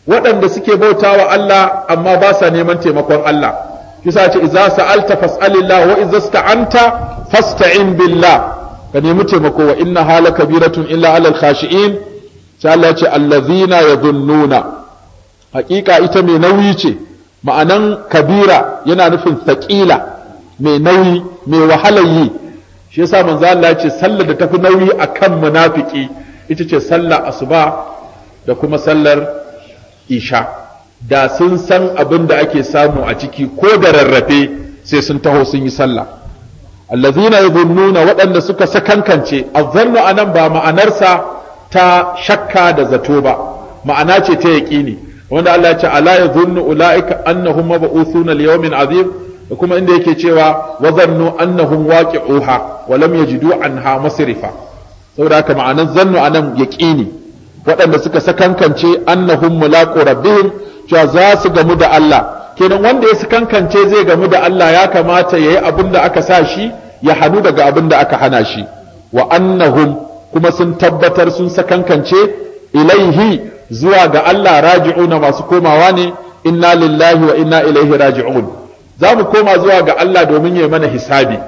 waɗanda suke bautawa Allah amma ba sa neman taimakon Allah kisa ce idza sa'alta fas'alillah wa idza sta'anta fasta'in billah ka nemi taimako wa inna hala kabiratun illa alal khashi'in sai Allah ce allazina yadhunnuna hakika ita mai nauyi ce ma'anan kabira yana nufin thaqila mai nauyi mai wahalar yi shi yasa manzo Allah ya ce sallar da tafi nauyi akan munafiki ita ce sallar asuba da kuma sallar isha da sun san abin da ake samu a ciki ko da rarrafe sai sun taho sun yi sallah allazina yadhunnuna waɗanda suka sakankance azzannu anan ba ma'anarsa ta shakka da zato ba ma'ana ce ta yaqini wanda Allah ya ce ala yadhunnu ulaika annahum mab'uthuna liyawmin azim da kuma inda yake cewa wa zannu annahum waqi'uha wa lam yajidu anha masrifa saboda haka ma'anar zannu anan yaqini waɗanda suka sakankance annahum mulaqu rabbihim cewa za su gamu da Allah kenan wanda ya sakankance zai gamu da Allah ya kamata yayi abin da aka sa shi ya hanu daga abin da aka hana shi wa annahum kuma sun tabbatar sun sakankance ilaihi zuwa ga Allah raji'una masu komawa ne inna lillahi wa inna ilaihi raji'un za mu koma zuwa ga Allah domin ya mana hisabi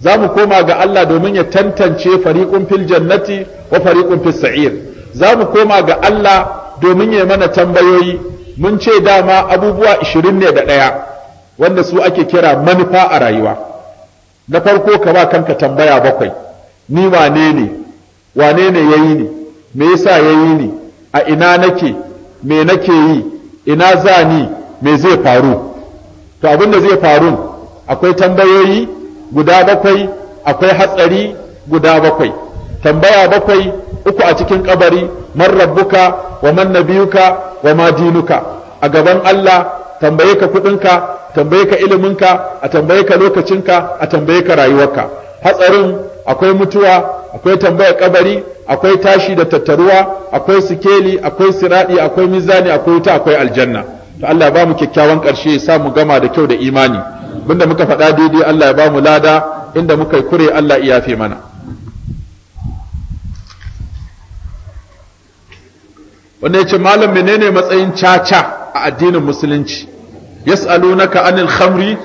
za mu koma ga Allah domin ya tantance fariqun fil jannati wa fariqun fis sa'ir za mu koma ga Allah domin ya mana tambayoyi mun ce dama abubuwa 20 ne da ɗaya wanda su ake kira manufa a rayuwa na farko ka ba kanka tambaya bakwai ni wane ne wane ne yayi ni me yasa yayi ni a ina nake me nake yi ina za ni me zai faru to abin da zai faru akwai tambayoyi guda bakwai akwai hatsari guda bakwai tambaya bakwai uku a cikin kabari man rabbuka wa man nabiyuka wa ma dinuka a gaban Allah tambaye ka kudinka tambaye ka iliminka a tambaye ka lokacinka a tambaye ka rayuwarka hatsarin akwai mutuwa akwai tambaya kabari akwai tashi da tattaruwa akwai sikeli akwai siradi akwai mizani akwai wuta akwai aljanna to Allah ba mu kyakkyawan ƙarshe ya sa mu gama da kyau da imani bunda muka faɗa daidai Allah ya ba mu lada inda muka yi kure Allah ya fi mana wanda ce malam menene matsayin caca a addinin musulunci yas'alunaka anil khamri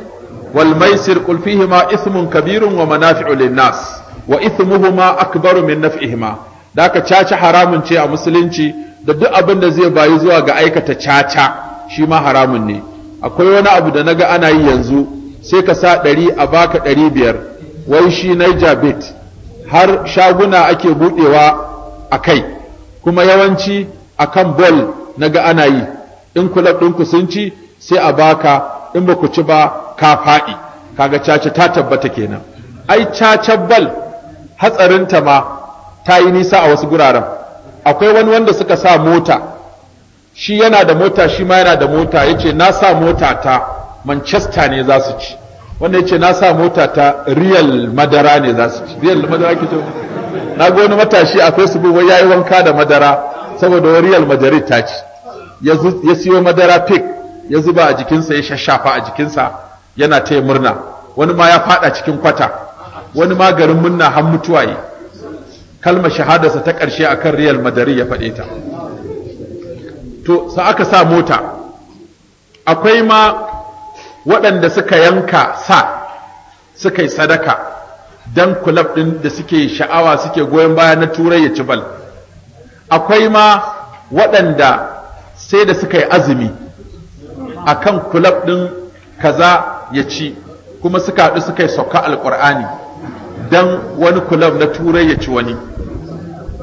wal maisir qul ma ithmun kabirun wa manafi'u lin nas wa ithmuhuma akbaru min naf'ihima da ka caca haramun ce a musulunci da duk abin da zai bayi zuwa ga aikata caca shi ma haramun ne akwai wani abu da naga ana yi yanzu sai ka sa ɗari a baka ɗari biyar wai shi naija bit. har shaguna ake buɗewa a kai kuma yawanci a kan bol naga ana yi in kulab ɗinku sun ci sai a baka in ba ku ci ba ka faɗi kaga caca ta tabbata kenan ai caca bal hatsarinta ma ta yi nisa a wasu guraren akwai wani wanda suka sa mota shi yana da mota shi ma yana da mota ya ce na sa mota ta manchester ne za su ci wanda ya ce na sa mota ta real madara ne za su ci real madara ke na ga wani matashi a facebook wai yi wanka da madara saboda wani real ta ci ya siyo madara pig ya zuba a jikinsa ya shashafa a jikinsa yana taya murna wani ma ya fada cikin kwata wani ma garin murna har mutuwa yi kalmar shahadarsa ta ƙarshe akan real madari ya faɗe ta to sa aka sa mota akwai ma waɗanda suka yanka sa suka yi sadaka don kulab ɗin da suke sha'awa suke goyon baya na turai ya ci bal akwai ma waɗanda sai da suka yi azumi a kan kulab ɗin kaza ya ci kuma suka haɗu suka yi sauka alƙur'ani don wani kulab na turai ya ci wani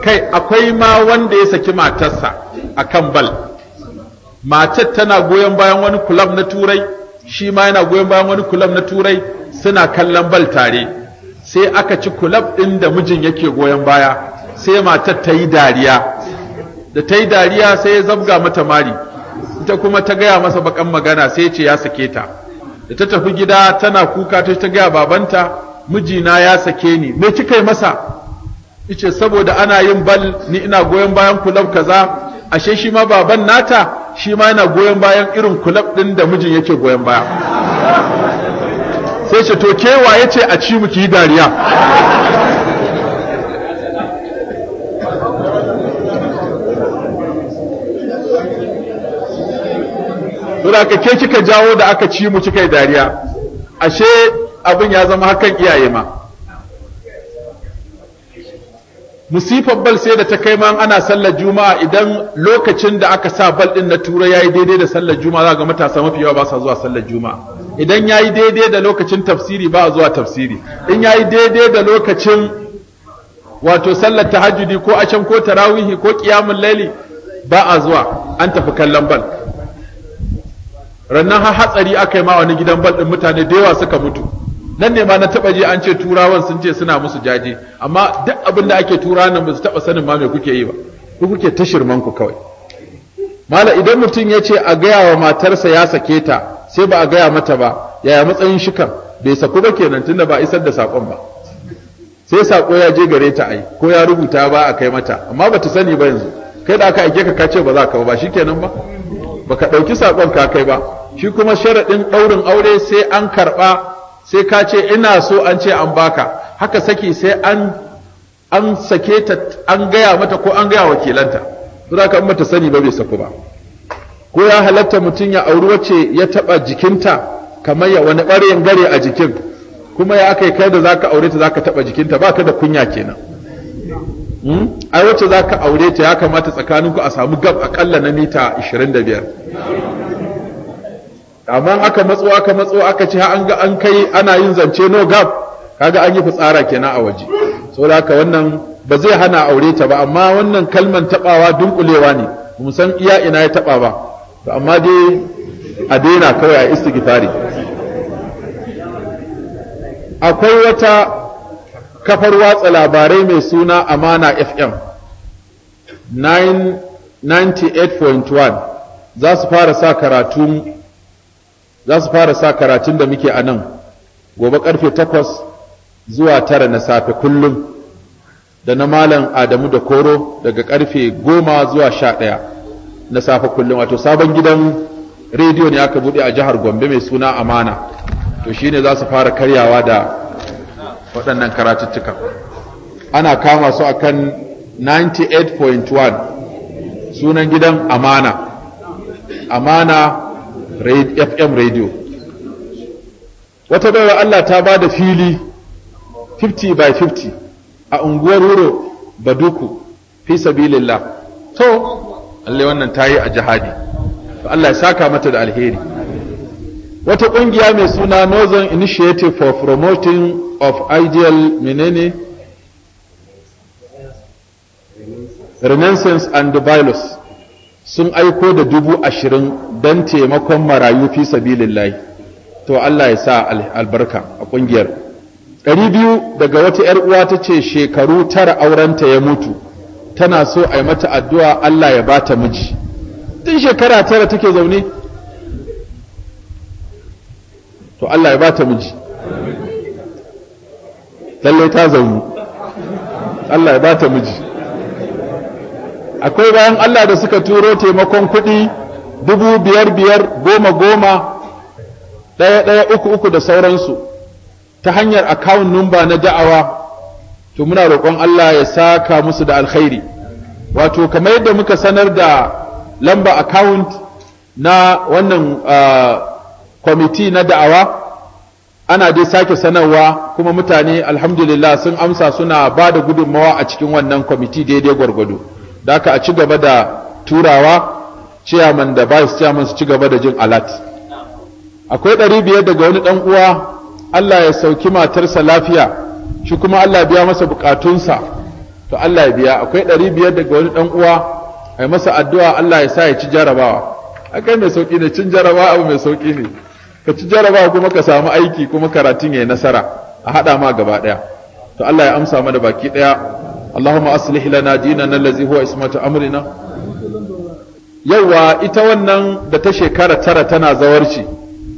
kai akwai ma wanda ya saki matarsa a kan bal matar tana goyon bayan wani kulam na turai shi ma yana goyon bayan wani kulab na turai suna kallon bal tare sai aka ci kulab ɗin da mijin yake goyon baya sai matar ta yi dariya da ta yi dariya sai ya zabga mata mari ita kuma ta gaya masa bakan magana sai ce ya sake ta da ta tafi gida tana kuka ta ta gaya babanta mijina ya sake ni me kika yi masa yace saboda ana yin bal ni ina goyon bayan kulab kaza ashe shi ma baban nata shi ma yana goyon bayan irin kulab din da mijin yake goyon baya sai ce to kewa yace a ci muki dariya Sura ke kika jawo da aka ci mu kika dariya ashe abin ya zama hakan iyaye ma musifar bal sai da ta kai ma ana sallar juma'a idan lokacin da aka sa bal din na tura yayi daidai da sallar juma'a za ga matasa mafi yawa ba sa zuwa sallar juma'a idan yayi daidai da lokacin tafsiri ba zuwa tafsiri in yayi daidai da lokacin wato sallar tahajjudi ko asham ko tarawihi ko qiyamul laili ba a zuwa an tafi kallon bal rannan ha hatsari aka yi ma wani gidan bal din mutane da yawa suka mutu nan ne ma na taba ji an ce turawan sun ce suna musu jaje amma duk abin da ake tura nan ba su taba sanin ma me kuke yi ba ku kuke tashirman ku kawai mala idan mutum ya ce a gaya wa matarsa ya sake ta sai ba a gaya mata ba yaya matsayin shikan bai saku ba kenan tunda ba isar da sakon ba sai sako ya je gare ta ai ko ya rubuta ba a kai mata amma ba ta sani ba yanzu kai da aka aike ka ka ce ba za ka ba shikenan ba baka dauki sakon ka kai ba shi kuma sharadin daurin aure sai an karba sai ka ce ina so an ce an baka haka saki sai an sake ta an gaya mata ko an gaya wakilanta za ka mata sani ba bai saku ba ko ya halatta mutum ya auri wacce ya taba jikinta kamar ya wani ɓarayin gare a jikin kuma ya aka kai da zaka aure ta zaka taba jikinta ba ka da kunya kenan hmm? ai wacce zaka aure ta ya kamata tsakaninku a samu gab akalla na mita 25 amma aka matso aka matso aka ci an ga an kai ana yin zance no gap kaga an yi fitsara kenan a waje saboda haka wannan ba zai hana aure ta ba amma wannan kalman tabawa dunkulewa ne mu san iya ina ya taba ba to amma dai a daina kawai a istighfari akwai wata kafar watsa labarai mai suna Amana FM 98.1 za su fara sa karatun za su fara sa karatun da muke a nan gobe ƙarfe takwas zuwa tara na safe kullum da na malam adamu da koro daga ƙarfe goma zuwa sha ɗaya na safe kullum wato sabon gidan rediyo ne aka buɗe a jihar gombe mai suna amana to ne za su fara karyawa da waɗannan karatuttuka ana kama su a kan 98.1 sunan gidan amana amana fm radio wata bayar allah ta bada fili 50 by 50 a unguwar wuro baduku fi sabilillah to allai wannan ta yi a jihadi allah ya saka mata da alheri wata kungiya mai suna northern initiative for promoting of ideal menene renaissance and the sun aiko da dubu ashirin don taimakon marayu fi sabilillahi to Allah ya sa albarka a ƙungiyar ɗari biyu daga wata ‘yar uwa ta ce shekaru tara aurenta ya mutu tana so a yi mata addu'a Allah ya bata miji tun shekara tara take zaune to Allah ya bata miji lallai ta zaune Allah ya bata miji akwai bayan Allah da suka turo taimakon kuɗi dubu biyar biyar goma goma ɗaya ɗaya uku uku da sauransu ta hanyar akawun numba na da'awa to muna roƙon Allah ya saka musu da alkhairi wato kamar yadda muka sanar da lamba account na wannan kwamiti na da'awa ana dai sake sanarwa kuma mutane alhamdulillah sun amsa suna ba da gudunmawa a cikin wannan kwamiti daidai gwargwado da aka a ci gaba da turawa ciyaman da vice ciyaman su ci gaba da jin alat akwai ɗari biyar daga wani ɗan uwa Allah ya sauki matarsa lafiya shi kuma Allah biya masa bukatunsa to Allah ya biya akwai ɗari biyar daga wani ɗan uwa A yi masa addu'a Allah ya sa ya ci jarabawa akai mai sauki ne cin jarabawa abu mai sauki ne ka ci jarabawa kuma ka samu aiki kuma karatun ya yi nasara a haɗa ma gaba ɗaya. to Allah ya amsa mana baki ɗaya. اللهم أصلح لنا ديننا الذي هو اسمة أمرنا yawa ita wannan da ta shekara tara tana zawarci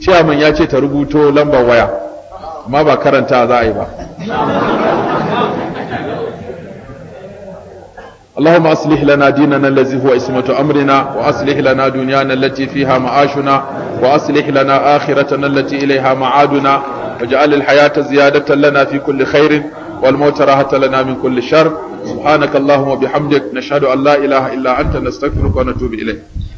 ciyaman ya ce ta rubuto lambar waya amma ba karanta za a yi ba اللهم أصلح لنا ديننا الذي هو اسمة أمرنا وأصلح لنا دنيانا التي فيها معاشنا وأصلح لنا آخرتنا التي إليها معادنا واجعل الحياة زيادة لنا في كل خير والموترهة لنا من كل شر سبحانك اللهم وبحمدك نشهد أن لا إله إلا أنت نستغفرك ونتوب إليك